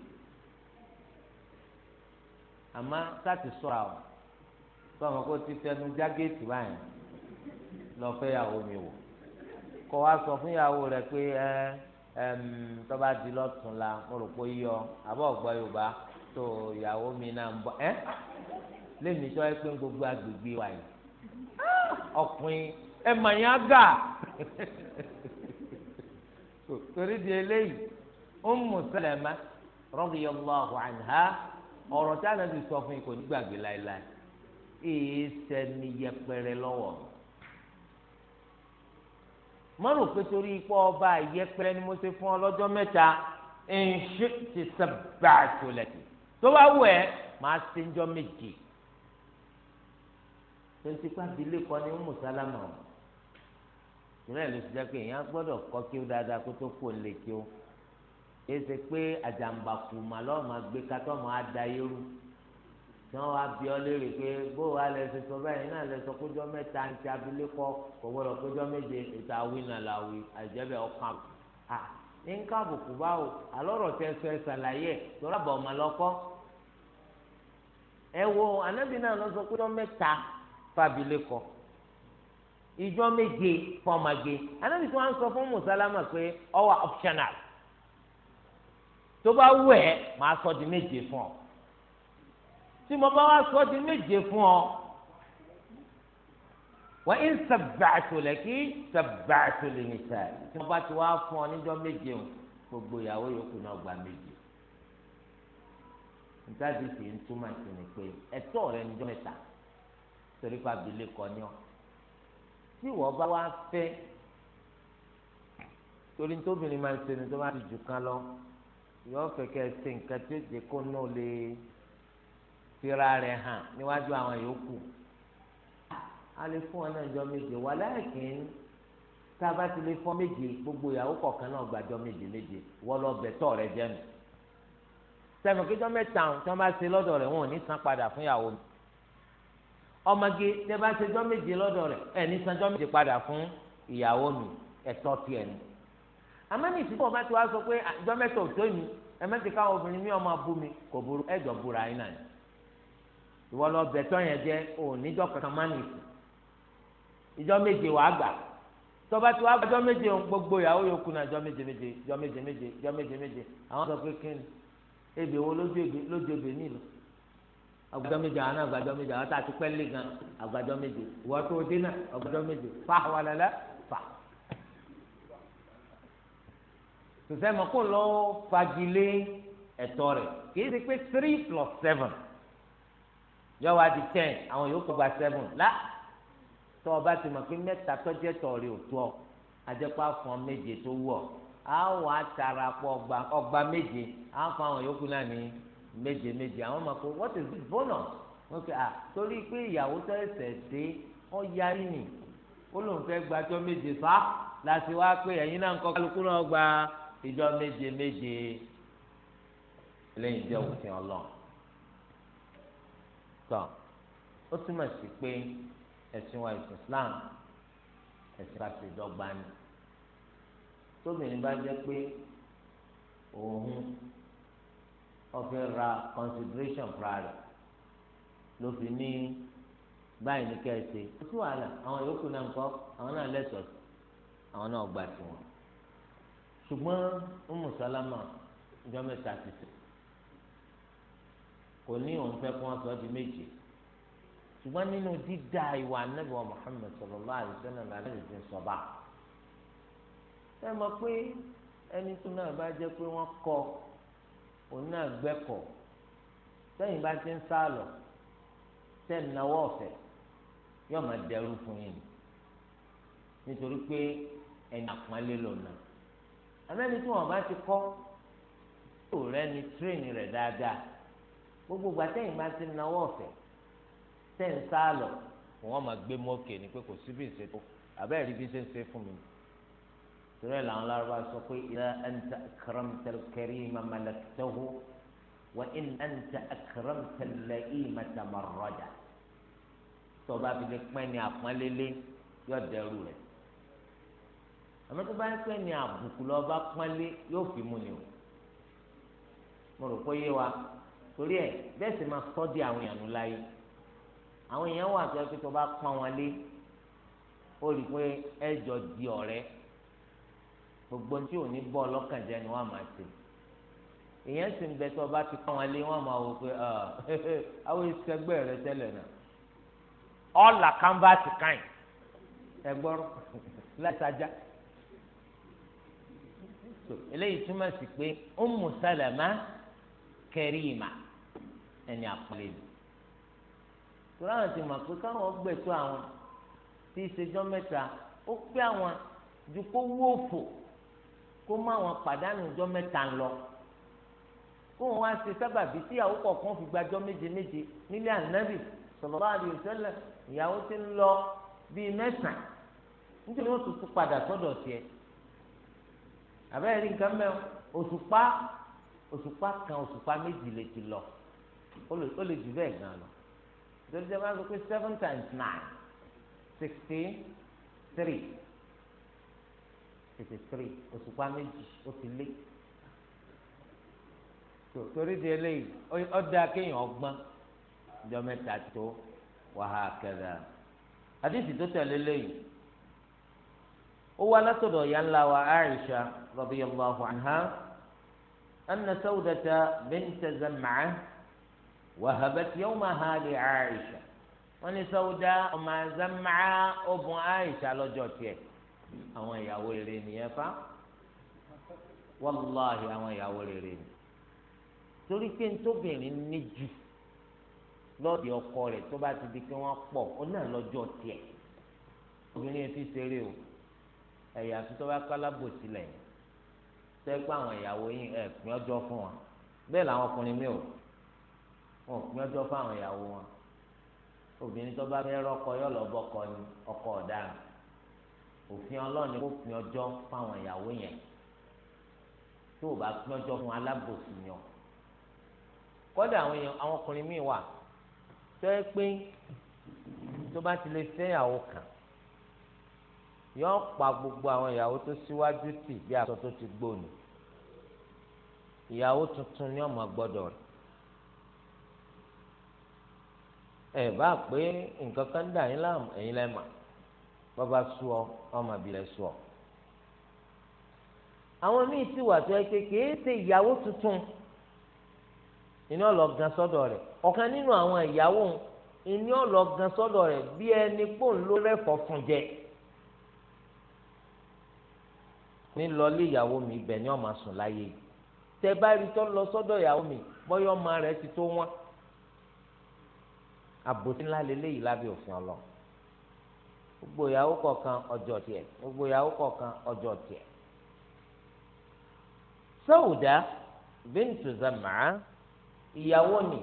àmọ́ sáàtì sọra o sọ ma kó ti tẹnu jágéètì báyìí lọ fẹ́ yàwó mi wò. kọ́ wa sọ fún ìyàwó rẹ̀ pé ẹ tọba di lọ́tún la mo rò pé yorùbá tó ìyàwó mi náà ń bọ̀ ẹ́ lèmi sọ ẹ pé gbogbo agbègbè wa yìí ọkùnrin ẹ mà yín á torí di eléyìí Ummu Salama radiyallahu anha ọ̀rọ̀ tí a ti sọ fún yìí kò ní gbàgbé láéláé sẹ́ni yẹpẹrẹ lọ́wọ́ mọ́rò pé torí ipò ọba ìyẹpẹrẹ ni mo ṣe fún ọ lọ́jọ́ mẹ́ta ẹ̀ǹṣe ti sábà tòlẹ̀tì tó bá wù ẹ́ máa ṣe ń jọ méje tontipa délé kọ́ ni Ummu Salama o ìrẹ́ ló ti jẹ́ pé èèyàn gbọ́dọ̀ kọ́ kí ó dáadáa kó tó kó lè kí ó èsì pé àjàmbá kùmà lọ́ọ́ máa gbé kátó máa da irú tí wọ́n wá bí ọ léèrè pé bó wa lẹ ṣe sọ báyìí náà lẹ sọ kójọ́ mẹ́ta ní ti abilékọ kò gbọ́dọ̀ kójọ́ méje ètò àwìn náà làwìn àìjẹ́bẹ̀ ọkàn à ní ń káàbùkù báwo àlọ́rọ̀ tẹ sọ ẹ ṣàlàyé lọ́rọ̀ àbọ̀ ọ̀mà lọ́kọ́ ẹ wo ànábì náà lọ sọ kójọ́ mẹ́ta fàbílékọ ìjọ méje fọmàgé ànábì tí wọ́n sọ fún mùsálámà pé ọwà optional tó bá wù ẹ́ màá sọ di méje fún ọ tí mo bá wá sọ di méje fún ọ wà ń sàbàtò lẹ́kí sàbàtò lè nìta tí mo bá ti wá fún ọ níjọ́ méje o gbogbo ìyàwó yòókù náà gba méje níta ti sì ń túmọ̀ sí ni pé ẹ̀tọ́ rẹ níjọ́ mẹ́ta torí pa abilé kọ ní ọ tí wọ́n bá wá fẹ́ torí tóbìnrin máa ń ṣe tó bá ti jù kan lọ yọ fẹ́ kẹ́ ẹ ṣe nǹkan tí ó kó náà lè fira rẹ̀ hàn níwájú àwọn yòókù a lè fún ọ náà jọ méje wà láàkín tá a bá ti lè fọ méje gbogbo ìyàwó kọ̀ọ̀kan náà gbàjọ méje méje wọ́n lọ bẹ̀ tọ̀ rẹ jẹ́ nu sẹ́mi kí jọ́ mẹ́ta tí wọ́n bá ṣe lọ́dọ̀ rẹ̀ wọn ò ní san padà fún ìyàwó mi ọmọge tẹ bá ṣe jọ́ méje lọ́dọ̀ rẹ̀ ẹ̀ ní san jọ́ méje padà fún ìyàwó mi ẹ̀tọ́ tiẹ̀ ni àmọ́ ní ìsìnkú ọba tí wàá sọ pé àjọ mẹ́ta ni ìwọ lọ bẹ̀tọ́ yẹn jẹ́ oníjọ́ kankan má nìyí ìjọ méje wàá gbà tọba tí wàá gbà jọ méje ohun gbogbo ìyàwó yòókù náà jọ méje méje jọ méje méje jọ méje méje àwọn sọ pé kí ni ebè wo lójú ebè lójú ebè nílò àgbàjọ méje àwọn àgbàjọ méje àwọn tá a ti pẹ́ lé gan àgbàjọ méje ìwọ tó dé náà àgbàjọ méje fa wà lálẹ́ fa. tòsẹ́ mọ̀ kó lọ́ọ́ fagilé ẹ̀tọ́ rẹ̀ kì í ti pé three plus seven yọ wá di ten àwọn yòókù gba seven la tọ́ ọ bá ti mọ̀ pé mẹ́ta tọ́jẹ́ tọ̀rẹ́ òtọ́ ajẹ́pá fún ọ méje tó wọ̀ àwọn atarapọ̀ ọgbà méje àwọn fún àwọn yòókù náà ní méje méje àwọn ọmọ kò what is this bonus wọn kì í à torí pé ìyàwó tó ẹsẹ̀ dé ọ yarí nì ó lóun fẹ́ gbàjọ́ méje fa láti wá pé ẹ̀yin náà ń kọ́ kálukú náà gba ìjọ méje méje lẹ́yìn ìjọ òfin ọlọ́run tọ́ ó túmọ̀ sí pé ẹ̀sìn wa ìsìn Islam ẹ̀sìn wa sì dọ́gba ni tóbìnrin bá jẹ́ pé òun ọ̀fẹ́ ra consideration fúnra rẹ̀ ló fi ní báyìí ní kẹ́ẹ̀sì kò sí wàhálà àwọn yòókù náà ń kọ́ àwọn náà lẹ́tọ̀ọ́ àwọn náà gbà tiwọn ṣùgbọ́n ń mùsálámà ìjọ mẹ́ta ti sè kò ní òun fẹ́ kó wọn sọ di méje ṣùgbọ́n nínú dídá ìwà anábì wa Muhammad sallallahu alaihi wasallam lálẹ́ ìdí sọ́ba ṣé mọ̀ pé ẹni tó náà bá jẹ́ pé wọ́n kọ òun náà gbẹ́kọ̀ sẹ́yìn bá ti ń sá lọ sẹ́yìn náwó ọ̀fẹ́ yóò máa dẹrú fún yín nítorí pé ẹni àpọ́nlé lòna àmẹ́ni tí wọ́n bá ti kọ́ tó rẹ́ni tírèèni rẹ̀ dáadáa gbogbo ìgbà tẹ́yìn bá ti náwó ọ̀fẹ́ tẹ́yìn sáàlọ̀ wọ́n máa gbé mọ́kè ni pé kò sí bí ìṣètò àbẹ́ẹ̀ rí bí ṣe ń ṣe fún mi torí ẹ̀ lárúbá sọ pé ìlà ẹ̀ńtà kẹrẹ́mtẹ̀lẹ̀ kẹrìmà mẹlẹ́kẹ́tẹ́hó wà ẹ̀ń ẹ̀ńtà kẹrẹ́mtẹ̀lẹ̀ ìmà tàmárọ̀dà tó o bá fi lè pẹ́ ní àpọ́nlélé yóò dẹrù rẹ̀ àmọ́ tó bá ń pẹ́ ní àbùkù lọ́ọ́ pọ́nlé yóò fi mú ni o mo rò pé yé wa torí ẹ bẹ́ẹ̀ sì máa sọ di àwọn èèyàn láyé àwọn èèyàn wà tó ẹ pé tó bá pọn wọn lé ó rí i pé ẹ jọ di ọ̀rẹ́ gbogbo tí ò ní bọ́ ọlọ́kàn jẹ́ ni wọ́n máa ṣe èèyàn sì ń bẹ tó bá ti pọn wọn lé wọ́n máa wò pé àwọn ìṣẹ́gbẹ́ rẹ tẹ́lẹ̀ náà ọ̀là kánvaasì káyìn ẹ gbọ́rọ̀ látàjà eléyìí túmọ̀ sí pé Ummu Salama Karima ẹni àpọ́nlé ni torí àwọn ti mọ̀ pé káwọn gbẹ̀tọ́ àwọn tí ìṣèjọ́ mẹ́ta ó pé àwọn ju kó wú òfò kó má wọn pàdánù ìjọ́ mẹ́ta lọ kó wọn wá ṣe sábàbí tí ìyàwó kọ̀ọ̀kan fi gbàjọ́ méje méje nílé ànábì sallallahu alaihi wasallam ìyàwó ti ń lọ bíi mẹ́sàn-án nítorí ó tutù padà sọ́dọ̀ tiẹ̀ àbẹ́rẹ́ nǹkan mẹ́wọ́ òṣùpá òṣùpá kan òṣùpá méjì lè ti lọ ó lè jù bẹ́ẹ̀ gan lọ torí jẹ́ bá sọ pé seven times nine sixty three sixty three òṣùpá méjì ó ti lé torí di eléyìí ó dáa kéèyàn ọgbọ́n ìjọ mẹ́ta tó wàhálà kẹta àdìsí tó tẹ̀lé léyìí ó wá látọ̀dọ̀ ìyá ńlá wa Aisha radiyallahu anha anna Sawdata bint Zam'ah. وهبت يومها لعائشة wọ́n ní sọ́wọ́dá ọmọ azammaa obùn aisha lọ́jọ́ tiẹ̀ àwọn ìyàwó rere nìyẹn fa wàláhi àwọn ìyàwó rere ni torí pé ntóbìnrin ní jù lọ́ọ̀dì ọkọ rẹ̀ tó bá ti di pé wọ́n pọ̀ ó náà lọ́jọ́ tiẹ̀ obìnrin ti ṣeré o ẹ̀yà àti tó bá kálábò sílẹ̀ sẹ́gbẹ́ àwọn ìyàwó yín ẹ̀ pín ọjọ́ fún wa bẹ́ẹ̀ làwọn ọkùnrin mi ò wọn ò pín ọjọ́ fáwọn ìyàwó wọn obìnrin tó bá fẹ́ rọ́kọ yóò lọ bọ́kọ ni ọkọ ọ̀daràn òfin ọlọ́ọ̀ni kó pín ọjọ́ fáwọn ìyàwó yẹn tó o bá pín ọjọ́ fún alábòsí yàn kọ́dà àwọn èèyàn àwọn ọkùnrin míì wà tó yẹ pé tó bá ti lè fẹ́ ìyàwó kan yóò pa gbogbo àwọn ìyàwó tó síwájú tì bí aṣọ tó ti gbóni ìyàwó tuntun ni ọmọ gbọ́dọ̀ rẹ̀ ẹ bá pé nǹkan kan dà yín láàmú ẹ̀yin lẹ mà bàbá sú ọ ọmọ àbílẹ̀ sú ọ. àwọn míì sì wà tó ẹ pé kìí ṣe ìyàwó tuntun ìní ọlọ́gàn sọ́dọ̀ rẹ̀ ọ̀kan nínú àwọn ìyàwó ìní ọlọ́gàn sọ́dọ̀ rẹ̀ bí ẹni pòun ló rẹ́fọ̀ fún jẹ. ní lọlé ìyàwó mi ibẹ̀ ni ọ̀ sùn láyé tẹ bá rí tọ́ lọ sọ́dọ̀ ìyàwó mi bọ́yọ́ ọmọ rẹ̀ ti tó wọ́n àbòsí ńlá lélẹ́yìí lábẹ́ òfin ọlọ́run gbogbo ìyàwó kọ̀ọ̀kan ọjọ́ tiẹ̀ gbogbo ìyàwó kọ̀ọ̀kan ọjọ́ tiẹ̀. Sauda bintu Zam'a ìyàwó ni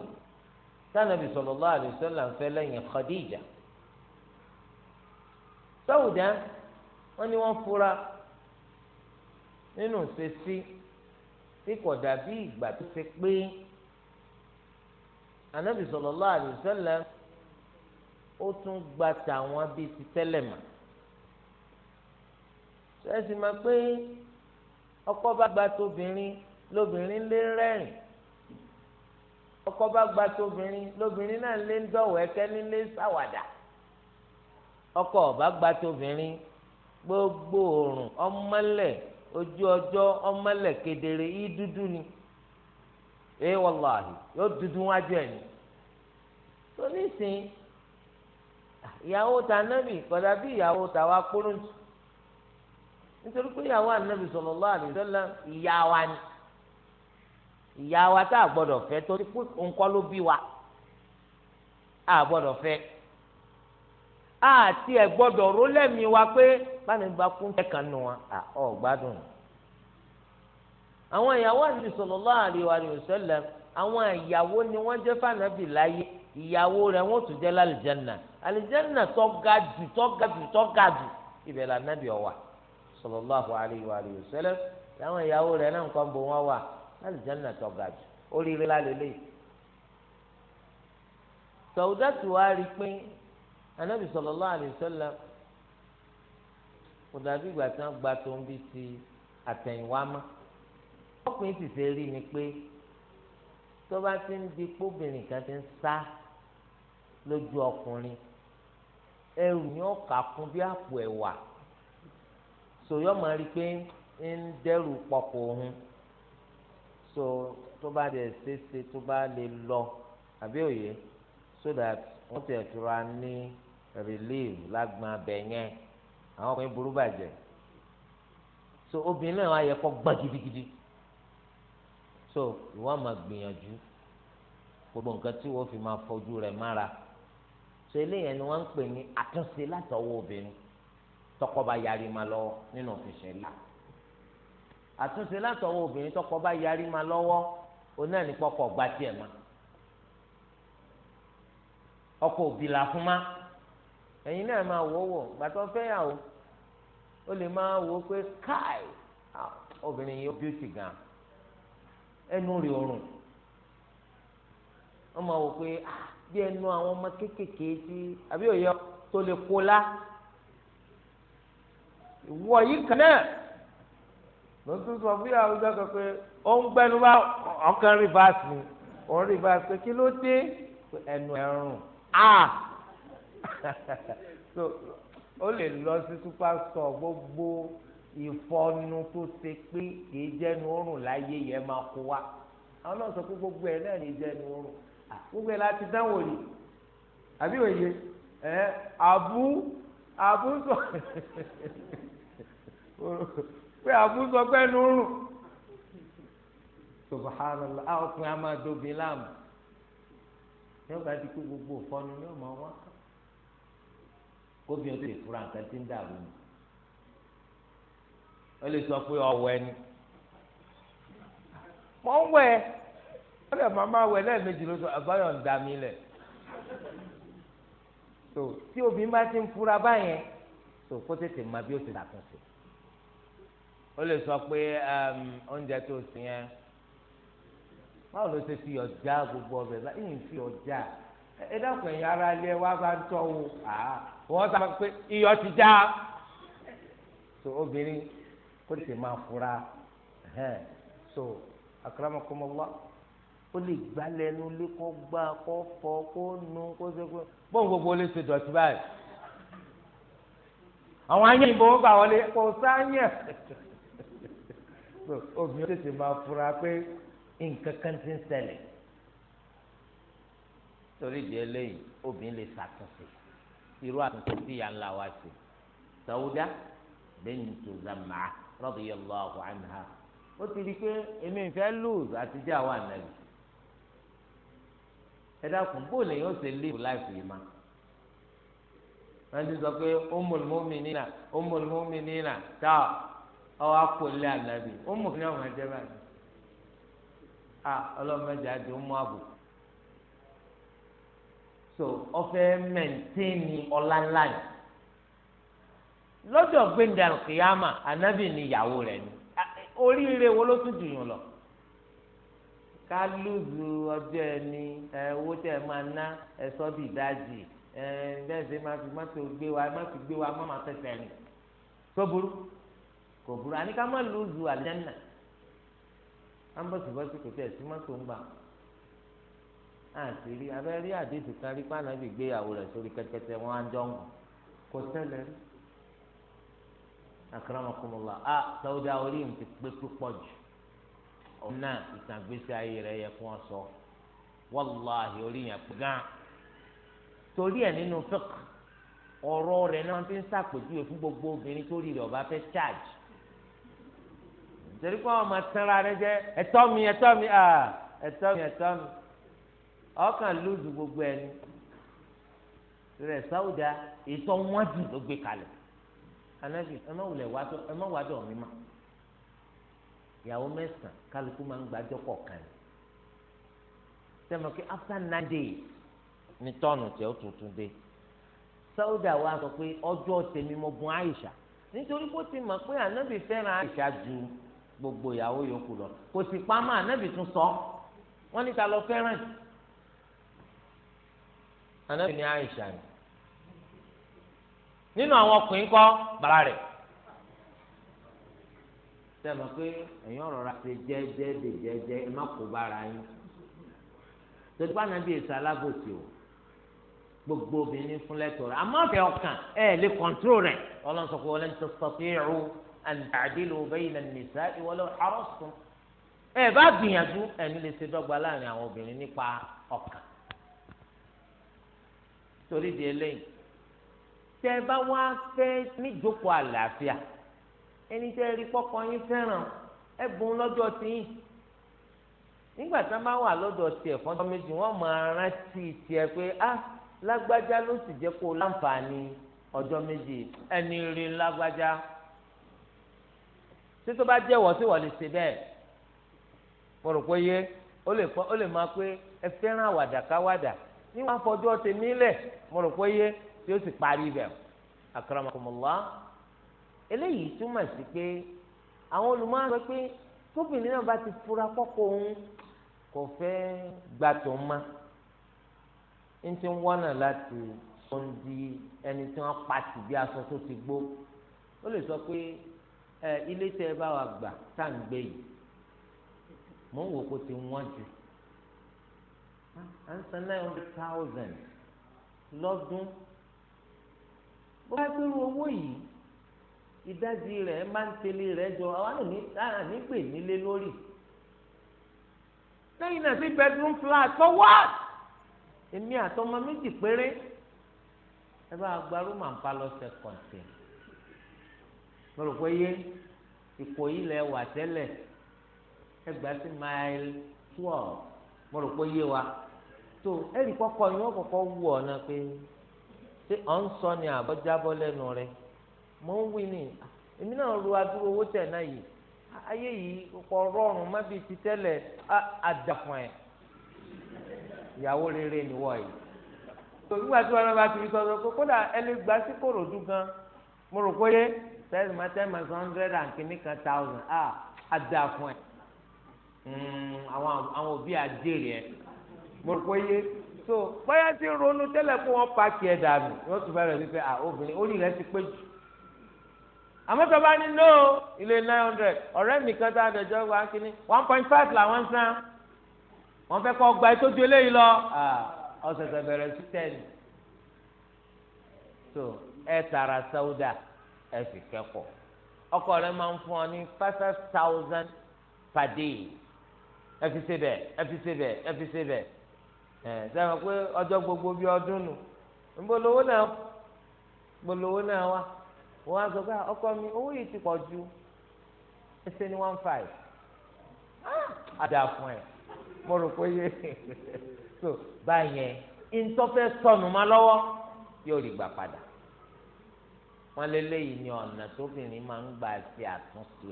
sanabi sallallahu alaihi wasallam ń fẹ́ lẹ́yìn Khadija Sauda wọ́n ní wọ́n fura nínú ṣesí tí kò ìgbà tó ṣe pé anabi sallallahu alaihi ó tún gba tàwọn bíi ti tẹ́lẹ̀ mà ṣẹ́sì máa pé ọkọ bá gba tóbìnrin lóbìnrin lé rẹ́rìn ọkọ bá gba tóbìnrin lóbìnrin náà lé ń dọ̀wọ́ ẹ̀kẹ́ nílé ṣàwàdà ọkọ ọba gba tóbìnrin gbogbo oòrùn ọmọlẹ̀ ojú ọjọ́ ọmọlẹ̀ kedere yìí dúdú ni ẹ wàláhì yóò dúdú wájú ẹ̀ ni tó nísìnyí ìyàwó ta anábì kọjá bí ìyàwó ta wa kúrúntù nítorí pé ìyàwó anábì sallallahu alaihi wasallam ìyá wa ni ìyá wa tá a gbọ́dọ̀ fẹ́ torí pé nǹkan ló bí wa a gbọ́dọ̀ fẹ́ àti ẹ gbọ́dọ̀ rólẹmí wa pé báni bá kún ẹkàn nù wọn ọ gbádùn àwọn ìyàwó àti sallallahu alaihi wasallam àwọn ìyàwó ni wọ́n jẹ́ fànàbì láyé ìyàwó rẹ̀ wọ́n tún jẹ́ lálìjẹ́nà àlìjẹ́nà tọ́ga jù tọ́ga jù tọ́ga jù ibẹ̀ là nàbì ọ̀wà sallallahu alayhi wa alihi wa sallam làwọn ìyàwó rẹ̀ náà nǹkan bò wọ́n wà lálìjẹ́nà tọ́ga jù oríire lálẹ́lẹ́ sọ̀wúdà tí wàá rí pé ànábì sallallahu alayhi wa sallam kò dàbí ìgbà tí wọ́n gba tó ń bí ti àtẹ̀yìnwá mọ́ ọkùnrin sì ṣe rí ni pé tó ti ń di kóbìnrin kan ti ń sá lójú ọkùnrin ẹrù ni ó kà kún bí àpò ẹ̀wà sòyọ́ máa rí i pé ń dẹ́rù pọ̀pọ̀ òun so tó bá dẹ̀ ṣeéṣe tó bá lè lọ àbí òye so that wọ́n ti ẹ̀tura ní relief lágbọn abẹ yẹn àwọn ọkùnrin burú bàjẹ́ so obìnrin náà wá yẹ kó gbọ́n gidigidi so ìwọ́n máa gbìyànjú gbogbo nǹkan tí wọ́n fi máa fojú rẹ̀ mára. ṣe eléyẹn ni wọ́n ń pè ní àtúnṣe látọwọ́ obìnrin tọkọ bá yarí ma lọ́wọ́ nínú òfin ṣẹlá àtúnṣe látọwọ́ obìnrin tọkọ bá yarí ma lọ́wọ́ oná ní gba tiẹ̀ ma ọkọ òbí la fún ma ẹ̀yin náà máa wò wò gbàtọ fẹ́yàwó o lè máa wò pé káì ah, obìnrin yìí ó bíútì gan ẹnu rí oorun wọ́n máa wò pé ah bí ẹnu àwọn ọmọ kéékèèké sí àbí òye tó lè kó la ìwọ yìí kan náà ló tún sọ fún yàrá ọjọ́ kan pé ó ń gbẹnu bá ọkàn rìvásì ni òun rìvásì pé kí ló dé ẹnu ẹrùn a so ó lè lọ sí superstore gbogbo ìfọnu tó ṣe pé kì í jẹ́nu oorun láyé yẹn máa kó wa àwọn náà sọ pé gbogbo ẹ̀ náà ní jẹ́nu oorun Ah, gbogbo ẹ̀ láti dánwò ni àbí òye ẹ àbú abu sọ pé àbú sọ pé nùrù subhanallah àwọn ọkùnrin a máa dóbi láàmú yóò bá di pé gbogbo òfọnu yóò máa wá kóbi o ti fura nǹkan tí ń dàrú ni ó lè sọ pé ọwọ́ ẹni mọ̀ ń wẹ̀ wọ́n lè máa máa wẹ lẹ́ẹ̀mejì lóṣù àbáyọ̀ ń dà lẹ̀ so tí obìnrin bá ti ń fura báyẹn so kó tètè máa bí ó ti dàtúnṣe ó lè sọ pé um, oúnjẹ tó Ma yẹn báwo ló ṣe fi ọjà gbogbo ọbẹ̀ bá yìí fi ọjà ẹ dákun ẹ̀yìn ara ilé wa bá ń tọ́ wo wọ́n pé iyọ̀ ti já obìnrin kó tètè máa fura so ó lè gbálẹ̀ ẹnu lé kó gbá kó fọ kó nu kó ṣe kó bóun gbogbo lè ṣe dọ̀tí báyìí àwọn ayé ìbò ń gbà wọlé kò sáyẹ obìnrin tètè máa fura pé nǹkan kan ti ń ṣẹlẹ̀ torí ìdí eléyìí obìnrin lè ṣàtúnṣe irú àtúnṣe tí ìyá ńlá wa ṣe Sauda bintu Zam'a radiyallahu anha ó ti di pé èmi ń fẹ́ lose àtijọ́ àwọn ànábì. ẹ dákun bó lè yóò ṣe live life yìí ma wọ́n sọ pé Ummul Mu'minina Ummul Mu'minina tá ọwọ́ akọ̀lẹ́ ànábì ọmọ ní àwọn báyìí a ọlọ́mọdé àti ọmọ àbò so ọfẹ́ mẹ́ntẹ́ẹ̀nì ọ̀lànlá yìí lọ́jọ́ gbẹ̀ndàlùkìyàmà ànábì ni ìyàwó rẹ̀ ni oríire wo ló tún dùn yàn lọ. ká lùzù ọjọ́ ẹni owó tẹ́ ẹ máa ná ẹ̀sọ́ bíi ìdájì bẹ́ẹ̀ ṣe máa fi mọ́tò gbé wa má fi gbé wa má máa fẹsẹ̀ rìn tó burú kò burú àní ká má lùzù àlẹ́nà ambọ̀sibọ́sì kò tẹ̀ sí mọ́tò ń bà àṣírí abẹ́rẹ́ àdéhùn kárí pàánà fi gbéyàwó rẹ̀ sórí kẹ́tẹ́kẹ́tẹ́ wọn á jọ ń kò tẹ́lẹ̀ rí akramakumullah a sọ́wọ́dà orí mi ti pé púpọ̀ jù òun náà ìtàn gbèsè ayé rẹ̀ yẹ fún ọ sọ wàláhì orí yẹn pé gán torí ẹ̀ nínú fiqh ọ̀rọ̀ rẹ̀ náà ti ń ṣàpèjúwe fún gbogbo obìnrin tó rí rẹ̀ ọba fẹ́ charge torí pé àwọn ọmọ sanra rẹ̀ jẹ́ ẹ̀tọ́ mi ẹ̀tọ́ mi ẹ̀tọ́ mi ẹ̀tọ́ mi ọkàn lóòdù gbogbo ẹni rẹ̀ sáwùdà ètò wọn jù ló gbé kalẹ̀ anabi ẹ má wulẹ̀ wá dọ̀ mi mọ́. ìyàwó mẹ́sàn kálukú máa ń gbàjọ kọ̀ọ̀kan sẹ́mi pé after nine days ní tọ́ọ̀nù tí ó tuntun dé Sauda wa sọ pé ọjọ́ tèmi mo Aisha nítorí kó ti mọ̀ pé ànábì Aisha ju gbogbo ìyàwó yòókù lọ kò sì pamọ́ ànábì tún sọ wọ́n ní ta lọ fẹ́ràn ànábì ní Aisha ni nínú àwọn ọkùnrin kọ́ bàrà sẹ́mi pé ẹ̀yin ọ̀rọ̀ ra ṣe jẹ́jẹ́ de jẹ́jẹ́ ẹ má kó bára yín tó gbá nàbí èso alágòsì o gbogbo obìnrin fún lẹ́tọ̀ọ́ rẹ̀ àmọ́ ọ̀fẹ́ ọkàn ẹ̀ lè kọ̀ǹtúrò rẹ̀ ọlọ́run sọ pé wọlé ní tọ́sítọ́sí ìrù àdìlù bẹ́yìn ní nìṣá ìwọlé arọ́sùn ẹ̀ bá gbìyànjú ẹ̀mí lè ṣe dọ́gba láàrin àwọn obìnrin nípa ọkàn torí di eléyìí tẹ́ bá wá fẹ́ níjókòó àlàáfíà ẹni tẹ́ ẹ yín fẹ́ràn ẹ bùn lọ́jọ́ nígbà tá a máa wà lọ́dọ̀ méjì wọ́n máa rántí tiẹ̀ pé a ah, lágbájá ló sì jẹ kó láǹfààní ọjọ́ méjì ẹni rí lágbájá tí tó bá jẹ́wọ́ sí wọ́n ṣe bẹ́ẹ̀ mo rò pé yé ó lè máa pé ẹ fẹ́ràn àwàdà káwàdà níwọ̀n afọjọ́ tèmi mo rò pé yé tí ó sì eléyìí túmọ̀ sí pé àwọn olùmọ̀ràn sọ pé tóbìnrin náà bá ti fura kọ́kọ́ òun kò fẹ́ gbà tó ń ma ń ti ń wọ́nà láti sọ ń di ẹni tí wọ́n pa tì bí aṣọ tó ti gbó ó lè sọ pé ẹ ilé tẹ bá wa gbà tá à gbé yìí mò ń wò kó ti wọ́n jù à ń san nine hundred thousand lọ́dún bó bá gbèrú owó yìí ìdajì rẹ̀ máa ń tẹ̀lé rẹ̀ jọ àwọn àmì pè nílé lórí lẹ́yìn náà sí bedroom flat for what èmi àtọmọ méjì péré ẹ bá gbarú màá ń pa lọ́sẹ̀ kọ̀ǹtẹ̀ mo rò pé yé Ìkòyí lẹ wà tẹ́lẹ̀ ẹgbàá sí mile twelve mo rò pé yé wa tó ẹ̀rí kọ́kọ́ yín ó kọ́kọ́ wù ọ́ náà pé ṣé ọ̀ ń sọ ni àbọ̀jábọ́ lẹ́nu rẹ̀ mò ń wí ni ah, èmi náà ro adúrò owó tẹ̀ náà yìí ayé yìí kò rọrùn má bíi ti tẹ́lẹ̀ àdàpọ̀ ẹ̀ ìyàwó rere nìwọ yìí nígbà tí wọn bá ti fi sọsọ pé kódà ẹni gbà sí kòròdú gan mo rò pé tẹ́sí máa tẹ́ máa san hundred and kìíní kan thousand ah àdàpọ̀ ẹ̀ hmm, àwọn àwọn òbí àjèrè ẹ̀ mo rò pé yé so báyà ti ronú tẹ́lẹ̀ kó wọ́n pa kí ẹ̀ dànù wọ́n tún bẹ̀rẹ̀ wípé ah obìnrin orí rẹ̀ ti pé jù àmọ́ tó bá ní no ilé nine hundred ọ̀rẹ́ mi kan tá a dẹ̀jọ́ wa kínní one point five làwọn san wọ́n fẹ́ kọ́ gba ètò ju eléyìí lọ ọ̀sẹ̀sẹ̀ bẹ̀rẹ̀ sí ten so ẹ tara sawuda ẹ sì kẹ́kọ̀ọ́ ọkọ rẹ máa ń fún ọ ní five thousand per day ẹ fi ṣe bẹ́ẹ̀ ẹ fi ṣe bẹ́ẹ̀ ẹ fi ṣe bẹ́ẹ̀ ẹ sẹ́wọ̀n pé ọjọ́ gbogbo bíi ọdún nù ń bolówó náà bolówó náà wá wọ́n á sọ pé ah, ọkọ mi owó yìí ti pọ̀ ju ẹsẹ̀ ní one five ah, àdá fún ẹ̀ mo rò pé yé so báyẹn ntọ́fẹ́ sọnù má lọ́wọ́ yóò rí gbà padà wọ́n lé léyìí ní ọ̀nà tóbìnrin máa ń gbà ṣe àtúnṣe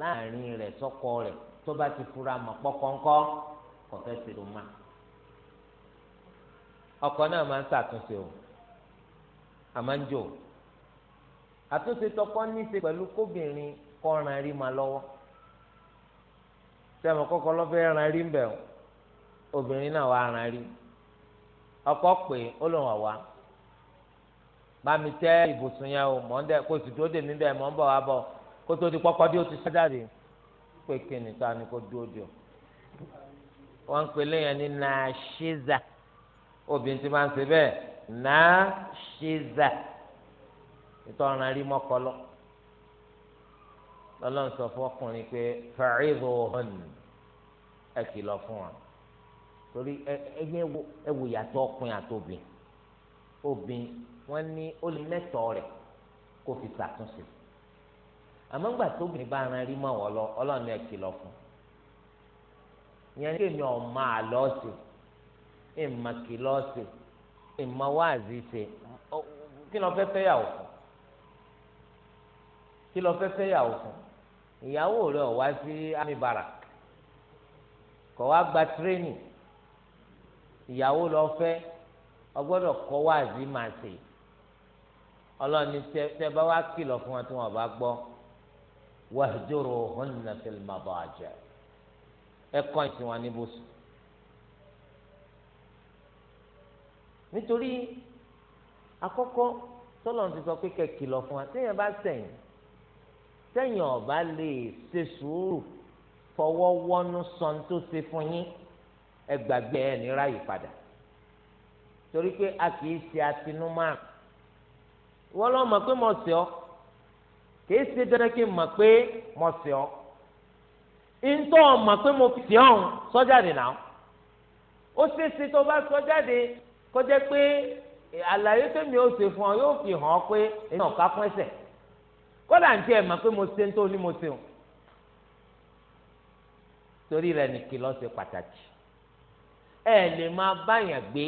láàrin rẹ̀ sọ́kọ rẹ̀ tó bá ti fura mọ̀ pọ́kọ́ńkọ́ kò fẹ́ ṣe ló má ọkọ náà máa ń ṣàtúnṣe o àmọ́ ń jò àtúnṣe tọkọ ní í ṣe pẹ̀lú kóbìnrin kọ́ran rí ma lọ́wọ́ sẹ́mi kọ́kọ́ lọ́fẹ́ ran rí bẹ̀ ọ́ obìnrin náà wà ran rí ọkọ pé ó lòun àwa bá mi tẹ́ ibùsùn yẹn o mọ̀ ń dẹ́ kó sì dúró dè mí bẹ́ẹ̀ mọ̀ ń bọ̀ wá bọ̀ kó tó di pọ́pọ́ dé o ti ṣájáde pé kí ni ta ni kó dúró dè o wọ́n ń pè léyìn ní nàṣẹ́zà obìnrin tí máa ń ṣe bẹ́ẹ̀ nàṣẹ́zà ìtọ́ran rí mọ́kọlọ́ lọ́lọ́run sọ fún ọkùnrin pé fa'idhuhun ẹ kìlọ̀ fún wa torí ẹgbẹ́ ẹ wò yàtọ̀ ọkùnrin àtòbìn obìn wọ́n ní ó lè mẹ́tọ̀ọ́ rẹ̀ kó fi ṣàtúnṣe àmọ́ ńgbà tóbìnrin bá ran rí mọ́ wọ́n lọ ọlọ́run ẹ kìlọ̀ fún ìyẹn kéèmí ọ̀ma àlọ́ọ̀sì ìmàkìlọ́ọ̀sì ìmọ̀wáàzì ṣe kí ni wọ́n fẹ́ fẹ́ yà wọ́n kí lọ fẹ́ẹ́ fẹ́yàwó fún ìyàwó rẹ̀ ọ̀ wá sí army barrack kọ̀ wá gba tírénì ìyàwó lọ fẹ́ ọgbọ́dọ̀ kọ́ wáàzí máa ṣe ọlọ́ni tẹ bá wá kìlọ̀ fún wọn tí wọn bá gbọ́ wahjuruhunna fil madaji ẹ kọ́ ìsìn wọn níbùsùn. nítorí àkọ́kọ́ tọ́lọ̀ ti sọ pé kẹ́ kìlọ̀ fún wa téèyàn bá sẹ̀yìn sẹ́yìn ọ̀bá lè ṣe sùúrù fọwọ́ wọ́nú sọ́n tó ṣe fún yín ẹ gbàgbé ẹ̀ nira yìí padà torí pé a kì í ṣe atinúmọ́ wọ́n lọ́ mọ̀ pé mo ṣe ọ́ kì í ṣe dandan kí n mọ̀ pé mo ṣe ọ́ ntọ́ mọ̀ pé mo fi ọ́ sọ́jáde náà ó ṣe é ṣe tó bá sọ́jáde kọjá pé àlàyé tèmi ó ṣe fún ọ yóò fi hàn ọ́ pé èèyàn ká fún kódà ntí ẹ̀ mọ̀ pé mo ṣe ń tó ní mo ṣe o torí pàtàkì ẹ lè máa báyàn gbé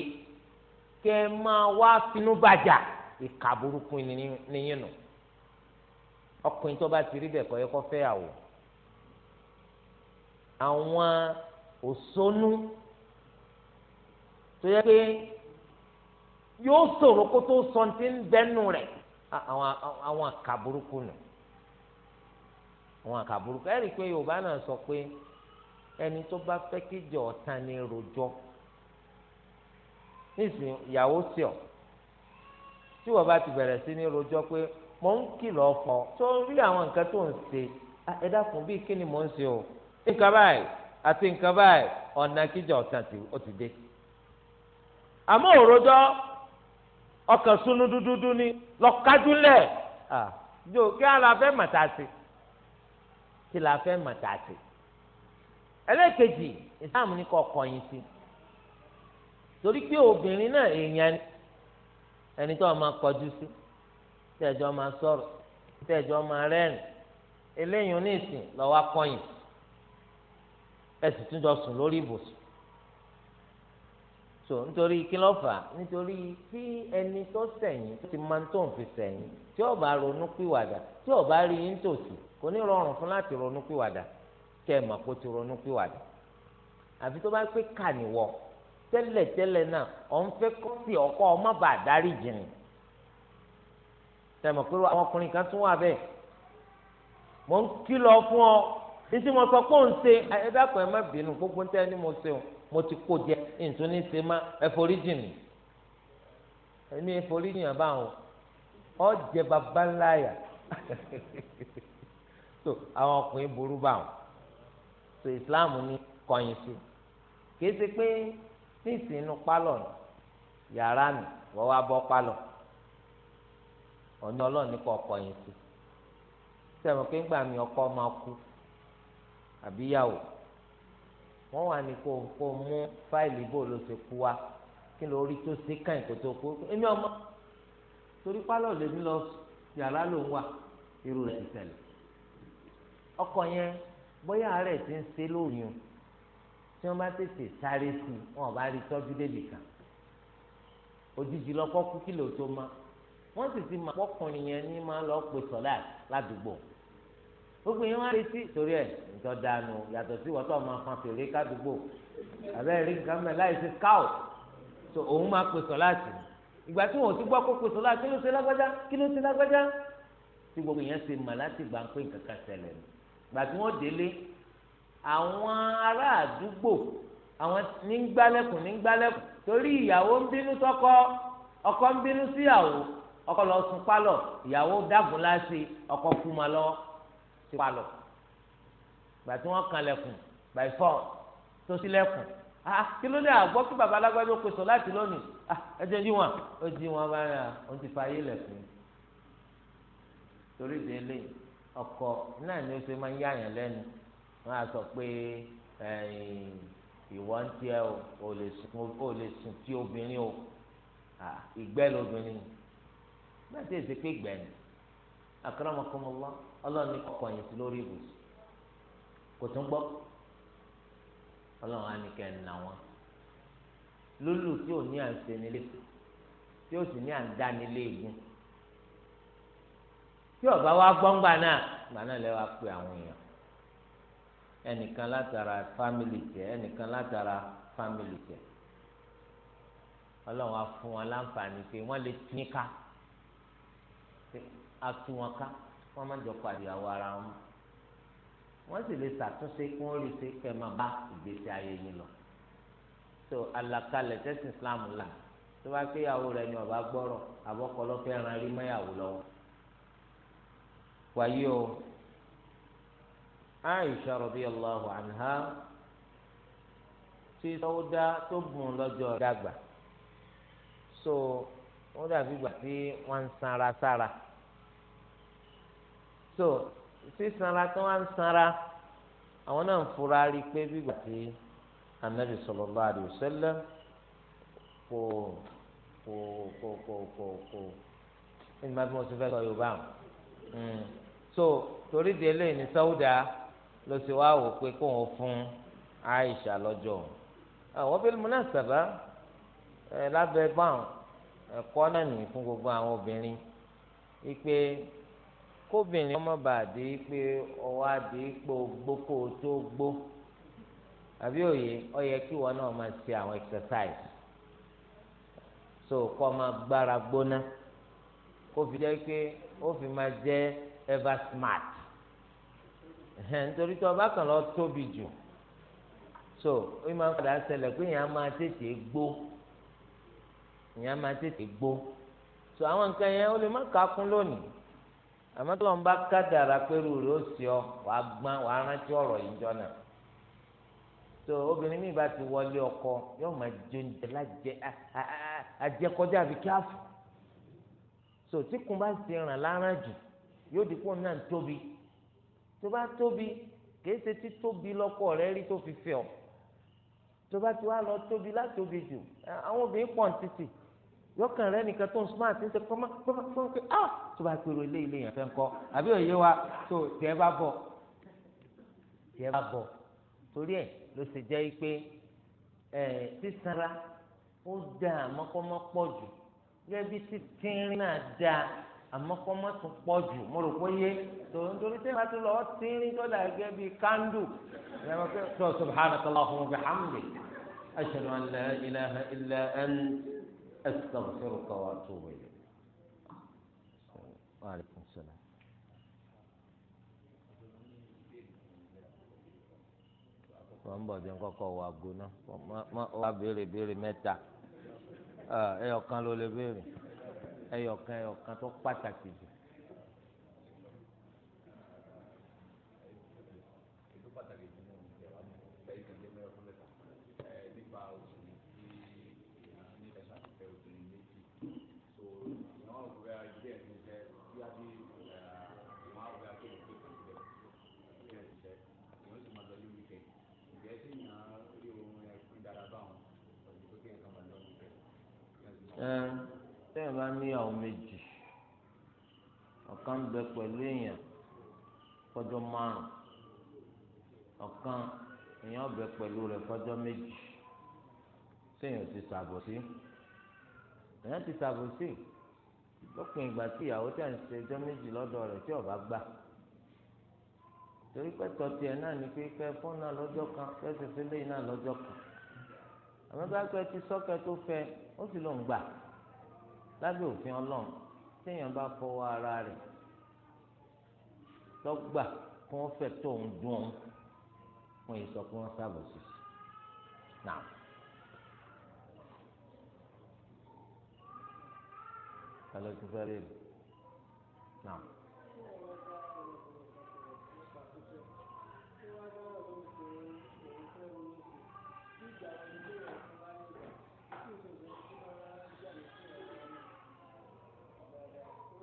kẹ máa wá finú bàjà ìkà burúkú níyìn nù ọkùnrin tó bá ti rí bẹ̀ kọ́ yẹ fẹ́ àwọn òṣónú tó yẹ àwọn àwọn àkà burúkú nù àwọn àkà burúkú ẹ rí i pé yorùbá náà sọ pé ẹni tó bá fẹ́ kíjọ ọ̀tá ni rojọ́ nísìnyí ìyàwó sí ọ tí wọ́n bá ti bẹ̀rẹ̀ sí ní rojọ́ pé mò ń kìlọ̀ fọ tó rí àwọn nǹkan tó ń ṣe ẹ dákun bíi kí ni mò ń ṣe o nǹkan báyìí àti nǹkan báyìí ọ̀nà kíjọ ọ̀tá ti dé àmọ́ òrojọ́ ọkàn sunu dúdúdú ni lọ́kadúlẹ̀ jò kí ala fẹ́ màtàsí kí la fẹ́ màtàsí ẹlẹ́kejì ìsáàmù ni kò kọ̀yìn sí torí pé obìnrin náà èèyàn ẹni tó máa kọjú sí tẹ̀jọ́ máa sọ̀rọ̀ tẹ̀jọ́ máa rẹ́rìn eléyìí onísìn lọ́wọ́ akọ̀yìn ẹ sì tún jọ sùn lórí ibùsùn so nítorí kí ló fà nítorí tí ẹni tó sẹ̀yìn ti máa ń tó ń fi sẹ̀yìn tí ó bá ronú pìwàdà tí ó bá rí yín tòsí kò ní rọrùn fún láti ronú pìwàdà kẹ́ ẹ̀ mà kó ti ronú pìwàdà àfi tó bá pé kà níwọ tẹ́lẹ̀tẹ́lẹ̀ náà ọ̀ ń fẹ́ kọ́ sí ọkọ ọmọ bá dárí jìnnì tẹmọ pé àwọn ọkùnrin kan tún wà bẹ́ẹ̀ mò ń kìlọ̀ fún ọ títí mo sọ pé òun ṣe ẹ dákun ẹ má bínú gbogbo ń tẹ ẹ ní mo ṣe o mo ti kó jẹ ntún ní ṣe má ẹforíjì mi èmi ẹforíjì yàn bá wọn ọjẹ bàbá láyà so àwọn ọkùnrin burú bá wọn so Islam ní kọ̀yìn sí kìí ṣe pé níìsín inú pálọ̀ yàrá mi wọ́n wá bọ́ pálọ̀ ọ̀ní ọlọ́ọ̀ni kọ̀ kọ̀yìn sí sẹ́wọ̀n pé ńgbà mi ọkọ máa kú àbíyàwó wọ́n wà ní kó kó mú fáìlì bò ló ṣe kú wa kí ló rí tó ṣe káyìn kó tó kú èmi ọmọ torí pálọ̀ lèmi lọ yàrá ló ń wà irú rẹ̀ ti ṣẹlẹ̀ ọkọ yẹn bóyá àárẹ̀ ti ń ṣe lóyún tí wọ́n bá tètè sáré sí wọn bá rí tọ́jú débì kan òjijì lọ́kọ́ kú kí ló tó ma wọ́n sì ti máa pọ́kùnrin yẹn ní máa lọ pè sọ́lá ládùúgbò gbogbo yẹn wá retí torí ẹ̀ ìjọ dànù yàtọ̀ sí wọ́tọ̀ máa fan fèrè kádùgbò àbẹ́ rí nǹkan mẹ́ láì sí káò tó òun máa pè sọ láti ìgbà tí wọn ò ti gbọ́ kó pè sọ láti kí ló ṣe lágbájá kí ló ṣe lágbájá tí gbogbo yẹn ṣe mà láti gbà ń pè nǹkan kan ṣẹlẹ̀ nù ìgbà tí wọ́n délé àwọn ará àdúgbò àwọn ní ń torí ìyàwó ń bínú tọkọ ọkọ ń bínú síyàwó ọkọ lọ sùn pálọ̀ ìyàwó sí palọ̀ gbà tí wọ́n kanlẹ̀kùn by four tó sílẹ̀kùn ah kí ló dé àgbọ́ kí baba alágbádá pè sọ láti lónìí ah ẹ jẹ́ jí wọn ó jí wọn bá rìn à ó ti fa ayé lẹ̀kùn torí ìdè eléyìí ọkọ náà ni ó ṣe máa ń yáyàn lẹ́nu wọ́n á sọ pé ìwọ ń tiẹ̀ o ò lè sùn tí obìnrin o ah, ìgbẹ́ lóbìnrin bẹ́ẹ̀ tí èsì pé gbẹ̀yìn akramakumullah ọlọ́run ní kọ̀kọ́ yìí sí lórí ibùsùn kò tún gbọ́ ọlọ́run á ní nà wọn lólù tí ò ní nílé tí ó sì ní nílé ọba wa gbọ́ngbà náà gbà náà pe àwọn èèyàn ẹnìkan látara fámìlì tẹ ẹnìkan látara fámìlì tẹ ọlọ́run á fún wọn láǹfààní pé wọ́n lè tún ká a tún wọn ká. wọ́n máa ń jọ pàdé àwọ̀ ara wọn wọ́n sì lè ṣàtúnṣe kí wọ́n rí i ṣe kẹ́ máa bá ìgbésí ayé yín lọ so àlàkalẹ̀ tẹ́sí Islam là tó bá pé ìyàwó rẹ̀ ni ọba gbọ́rọ̀ àbọ̀kọ́lọ́ fẹ́ ran rí mọ́yàwó lọ́wọ́ wáyé o Aisha radiyallahu anha tí sọ́wọ́dá tó gùn lọ́jọ́ dàgbà so wọ́n dàbí gbà tí wọ́n ń sanra sára so sísanra tí wọ́n ń sanra àwọn náà ń fura rí i pé bígbà tí anabi sallallahu alaihi wasallam kò kò kò kò kò kò ẹni máa bí wọ́n ti fẹ́ sọ yorùbá àwọn hmm. so torí di eléyìí ní sáwùdà ló sì wá wò pé kóun fún Aisha lọ́jọ́ àwọn bil munasaba lábẹ́ báwọn ẹ̀kọ́ náà nìyí fún gbogbo àwọn obìnrin wípé kóbìnrin ọmọ bá di pé ọwọ́ àdé pé gbó kó o tó gbó àbí òye ọ yẹ kí wọn náà máa ṣe àwọn exercise so kọ́ máa gbára gbóná kó fi jẹ́ pé ó fi máa jẹ́ ever smart nítorí tí ọba kan lọ tóbi jù so ó máa ń padà ṣẹlẹ̀ pé èèyàn máa tètè gbó èèyàn máa tètè gbó so àwọn nǹkan yẹn ó lè má kà á kún lónìí àmọ́ tó ń bá kádàrà pẹ̀lú rẹ̀ ó sì ọ wàá gbọ́n wàá rántí ọ̀rọ̀ yìí jọ náà tó obìnrin mi bá ti wọlé ọkọ yóò máa jẹ oúnjẹ lájẹ àjẹkọjá àbí káfù tó tí kùn bá ti ràn lára jù yóò dín kùn náà tóbi tó bá tóbi kìí ṣe tí tóbi lọ́kọ rẹ rí tó fi fẹ́ ọ tó bá ti wá lọ tóbi látóbi jù àwọn obìnrin pọ̀ ń títì yọkàn rẹ nìkan tó ń smart ń tẹ kọ́mọ́ kọ́mọ́ kọ́mọ́ pé ah tó bá pèrò ilé ilé yẹn fẹ́ ń kọ́ àbí òye wa tó tẹ́ bá bọ̀ tẹ́ bá bọ̀ torí ẹ̀ ló ṣe jẹ́ pé ẹ̀ sísanra ó da àmọ́kọ́mọ́ pọ̀ jù gẹ́gẹ́ bí títínrín náà da àmọ́kọ́mọ́ tó pọ̀ jù mo rò pé yé torí tẹ́ bá tó lọ tínrín tó dà gẹ́gẹ́ bí kándù tó subhanakallahumma wa bihamdik ashhadu an la ilaha illa ant. أستغفرك وأتوب إليك وعليكم السلام wọ́n ń bọ̀ jẹun kọ́kọ́ wọ aago náà wọ́n á béèrè béèrè mẹ́ta ah, ẹyọkan ló lè béèrè ẹyọkan ẹyọkan tó pàtàkì jù tẹ́yìn bá níyàwó méjì ọ̀kan bẹ pẹ̀lú èèyàn fọjọ́ márùn ọ̀kan èèyàn bẹ pẹ̀lú rẹ̀ fọjọ́ méjì tẹ́yìn ti ṣàbòsí èèyàn ti ṣàbòsí lópin ìgbà tí ìyàwó tẹ̀ ń ṣe ẹjọ́ méjì lọ́dọ̀ rẹ̀ tí ọ̀bá gbà torí pé tọ́tí ẹ̀ náà ní pé kẹ́ fún náà lọ́jọ́ kan kẹ́ fẹ́fẹ́ lẹ́yìn náà lọ́jọ́ kan àmọ́ bá pẹ́ ti sọ́kẹ́ tó fẹ́ ó sì lọ gbà lábẹ́ òfin ọlọ́run téèyàn bá fọwọ́ ara rẹ̀ lọ́gbà kí wọ́n fẹ́ tó ń dùn ún wọ́n yìí sọ pé wọ́n sábòsí náà. alẹ́ tún fẹ́ rèé Now.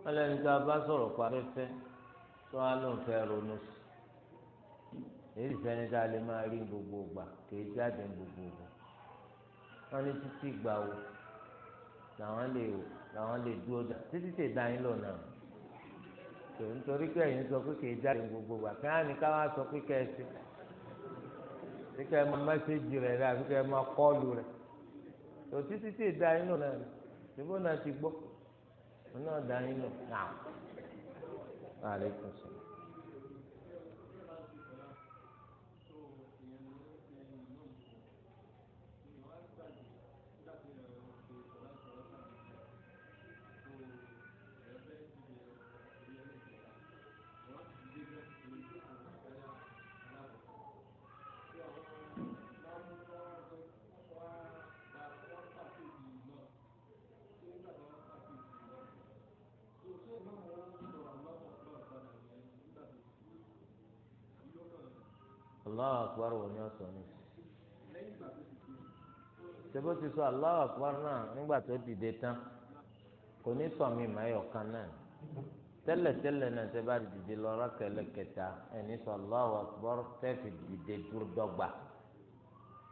ọlẹ́ni tá a bá sọ̀rọ̀ parí fẹ́ tó wá lóun fẹ́ ronú sí èyí tá a lè máa rí gbogbo gbà kìí jáde gbogbo gbà wọ́n ní títí gbà wò làwọn lè wò làwọn lè dúró dà títí tè dá yín lọ́nà nítorí pé ẹ̀yin sọ pé jáde gbogbo gbà kí á ní ká wá sọ pé kẹ́ẹ̀sì kí kẹ́ẹ̀ máa mẹ́sẹ̀gì rẹ̀ rẹ̀ àbí kẹ́ẹ̀ wọn náà dá yín lọ náà. Aleykum salaam. aláwọ akpọrọ wọn ni ọsọ ni sebo ti sọ aláwọ akpọrọ náà nígbà tó dìde tán kò ní sọ mi mà ẹyọ kan náà tẹ́lẹ̀tẹ́lẹ̀ náà sẹba dìde lọrọ kẹlẹ kẹta ẹni sọ aláwọ akpọrọ tẹfì dìde dúró dọ́gba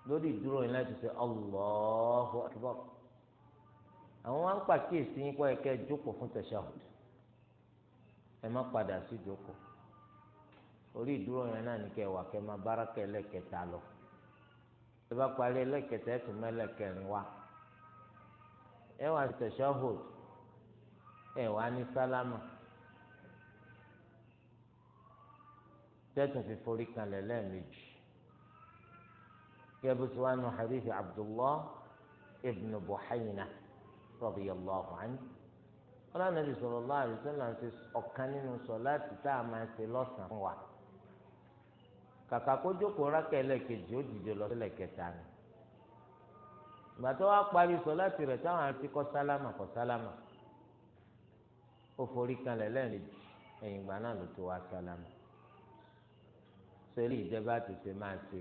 lórí ìdúró yìí láti sẹ ọlọ́ọ̀hún akpọrọ àwọn wa ń pàkíyèsí yín kọ́ ẹ̀kẹ́ jókòó fún tẹ̀sán ẹ má padà sí jókòó orí ìdúró yẹn náà ní kẹ́ wà kẹ́ máa bárakẹ ẹlẹ́kẹta lọ tó bá parí ẹlẹ́kẹta ẹtù mẹlẹkẹrin wá ẹ wà tashahhud ẹ wà ní sálámà tẹtùn fi forí kanlẹ̀ lẹ́ẹ̀mejì kí ẹbí tí wàá nù hadith abdullah ibn buhayna radiyallahu anhu wọn náà nàbì sallallahu alaihi wasallam ọ̀kan nínú sọ láti tá a máa ṣe lọ́sàn-án wa kàkà kó jókòó rákà ẹlẹ́kejì ó dìde lọ sílẹ̀ kẹta ni ìgbà tó wá parí sọ láti rẹ̀ táwọn àti kọ́ sálámà kọ́ sálámà ó forí kanlẹ̀ lẹ́ẹ̀mejì ẹ̀yìn ìgbà náà ló tó wá sálámà sẹ́lí ìjẹba ti ṣe máa ṣe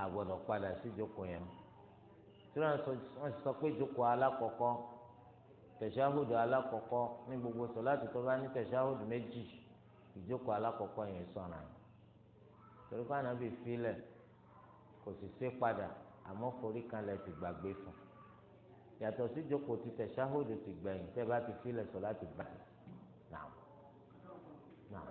àgbọ̀dọ̀ padà sí jókòó yẹn tí wọ́n sọ pé jókòó alákọ̀ọ́kọ́ tẹ̀síáhùdù alákọ̀ọ́kọ́ ní gbogbo sọ láti tó bá ní tẹ̀síáhùdù méjì ìjókòó alákọ̀ọ́kọ́ yẹn sọ̀ràn yìí torí pé ànábì filẹ̀ kò sì ṣe padà àmọ́ forí kanlẹ̀ ti gbàgbé fún yàtọ̀ sí jókòó ti tẹ̀ ṣáhódù ti gbẹ̀yìn tẹ́ bá ti filẹ̀ sọ láti bá nàá nàá.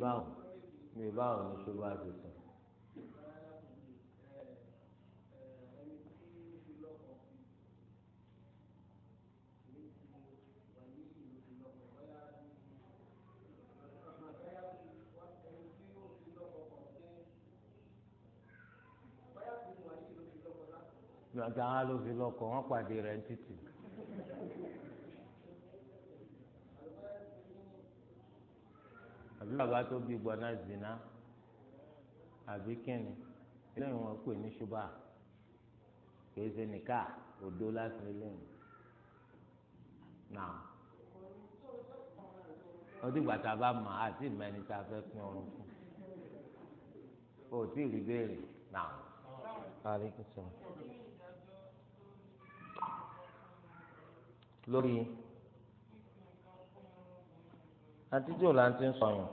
báwọn bí báwọn ní ṣubú àti sùn. gbàgbà ló fi lọkọ wọn pàdé rẹ títì. àbí bàbá tó bí gbọ́ná zina àbí kíni eléyìí wọn pè ní ṣùbà kì í ṣe nìkà òdo láti eléyìí náà wọ́n ti gbàtà bá mọ̀ àti ìmẹ́ni tá a fẹ́ pín ọrùn fún o tí ì rí béèrè náà. lórí àti tí òòlà ti ń sọyún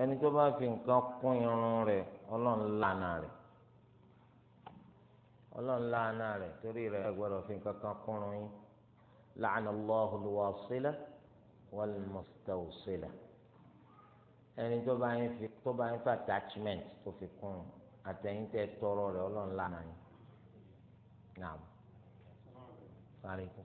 ẹni tó bá fi nǹkan kún irun rẹ̀ ọlọ́run lànà rẹ̀ ọlọ́run lànà rẹ̀ torí rẹ̀ gbọ́dọ̀ fi nǹkan kan kún irun yín lànà Allahu al-wasila wal-mustawsila ẹni tó bá yín fi tó bá yín fi attachment tó fi kún un àtẹ̀yìn tẹ́ tọrọ rẹ̀ ọlọ́run lànà yín naam. Wa alaikum.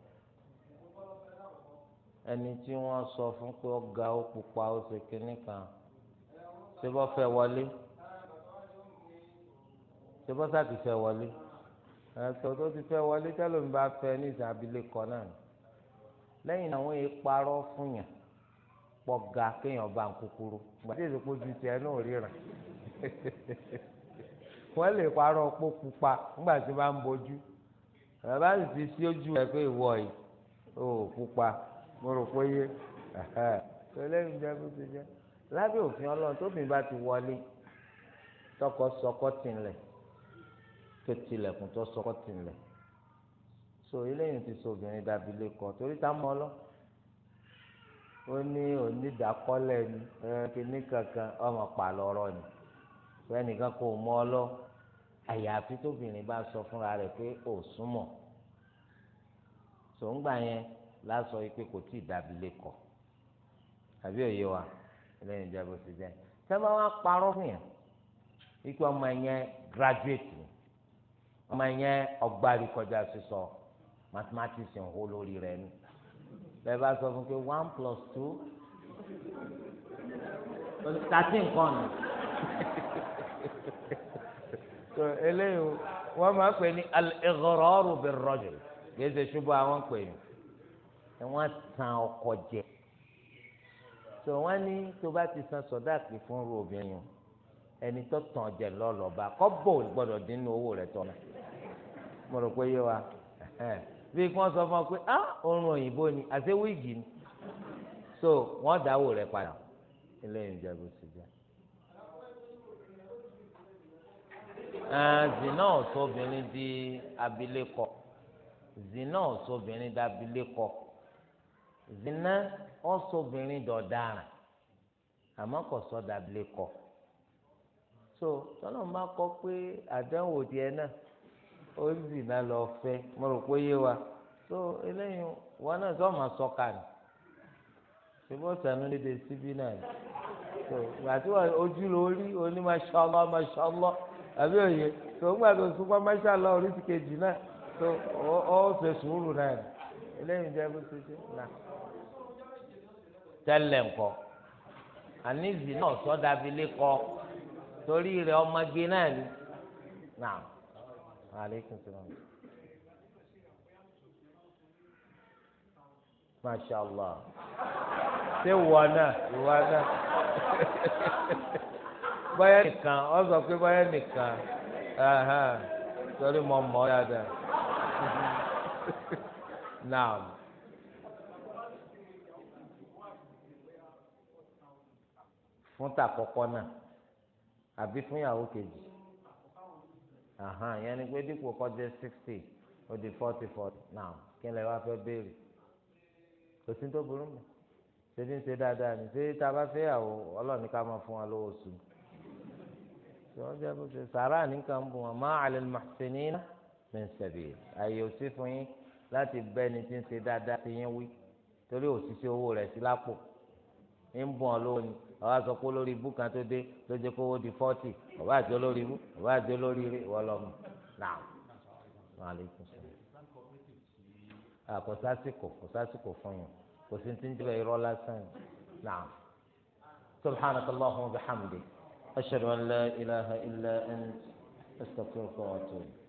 ẹni tí wọ́n sọ fún pé ọ̀gá ó pupa ó ṣe kínní kan ṣé bọ́ fẹ́ wọlé ṣé bọ́ sá ti fẹ́ wọlé ẹ̀sọ́ tó ti fẹ́ wọlé tẹ́lẹ̀ mi bá fẹ́ ní ìsàbílẹ̀ kan náà lẹ́yìn àwọn ìparọ́ fún yàn pọ̀ ga kéèyàn bá ń kúkúrú gbàdé ìdókòwò ju tiẹ̀ náà ríran wọ́n lè parọ́ pó pupa nígbà tí wọ́n bá ń bojú bàbá sì ti sí ojú ẹ̀ pé ìwọ yìí ó pupa mo rò pé yé tọ́lẹ́yìn jẹ́ bó ti jẹ́ lábẹ́ òfin ọlọ́run tóbi bá ti wọlé tọkọ sọkọ tìǹlẹ̀ tó tilẹ̀kùn tó sọkọ tìǹlẹ̀ so eléyìí ti so obìnrin dàbí lẹ́kọ̀ọ́ torí tá a mọ ọlọ́ ó ní onídàkọ́lẹ̀ ni kíní kankan ọmọ pàlọ́rọ́ ni fẹ́nìkan kò mọ ọlọ́ àyàfi tóbìnrin bá sọ fúnra rẹ̀ pé ò súnmọ́ sòǹgbà yẹn. So, lásọ pé kò tí ì dàbí lẹkọ àbí òye wa lẹ́yìn ìjábọ̀ sí jẹ́ sábà wá parọ́ fún yẹn ikú ọmọ yẹn graduate ọmọ yẹn ọgbàrí kọjá sísọ mathematics ń hó lórí rẹ ni bẹ́ẹ̀ bá sọ fún pé one plus two thirteen kan nù so eléyìí wọ́n máa ń pè ní al-ighrar bil-rajul kì í ṣe ṣubú àwọn pè ní ẹ wọ́n San ọkọ jẹ tó wọ́n ní tó bá ti san sọdáàkì fún ru obìnrin ẹni tó tàn jẹ lọlọba kọ́bọ̀ gbọ́dọ̀ dín ní owó rẹ̀ tọ náà mo rò pé yé wa bí kí wọ́n sọ fún ọ pé ah oorun òyìnbó ni àti wíìgì ni so wọ́n dáwó rẹ̀ padà eléyìí ń jẹ bó ti jẹ. zina ọ̀sọ́bìnrin di abilékọ zina ọ̀sọ́bìnrin di abilékọ zina ọsọbìnrin dọ̀daràn àmọ́ kò kọ so tọ́nà bá kọ pé àdánwò tiẹ̀ náà ó zina lọ fẹ́ mo rò pé yé wa so eléyìí wọn náà sọ ma sọ ká ni ṣùgbọ́n sànú síbí náà ni so àti ojú ló rí oní mashallah mashallah àbí òye so ń gbàdúrà súnmọ́ mashallah orí ti kejì náà so ó ó fèsùúrù náà ni eléyìí jẹ́ bó ṣe ṣe tẹ́lẹ̀ nkọ. Anizi náà sọ́dà torí ire ọmọge náà ni náà aleykum salaam. masha allah ṣé wọ náà ìwọ náà báyà nìkan ọ sọ pé nìkan sọrí mo fún tàkọ́kọ́ náà àbí fún ìyàwó kejì yẹn ni pé dípò kọjá sixty ó di forty forty now kí ni ẹ wá fẹ́ béèrè kò sí tó burú mi ṣé ní ṣe dáadáa ni ṣé tá a bá fẹ́ ìyàwó ọlọ́ọ̀ni ká máa fún wa lówó sùn sọ́jà bó ṣe sàrà nìkan bù wọn máa àlè màṣẹ́nìínà min sabil àyè òsì fún yín láti bẹ́ni tí ń ṣe dáadáa ti yín wí torí òṣìṣẹ́ owó rẹ̀ sí lápò ń bọ̀ lówó ni ọba sọ pé olórí ibú kan tó dé tó jẹ kó owó di fọ́tì ọba àti olórí ibú ọba àti olórí ire wọ́n lọ́mọ náà kò sásìkò kò sásìkò fún yín kò sí ti ń jẹ́ irọ́ lásán yìí náà subhanak allahumma wa bihamdik ashhadu an la ilaha illa ant astaghfiruka wa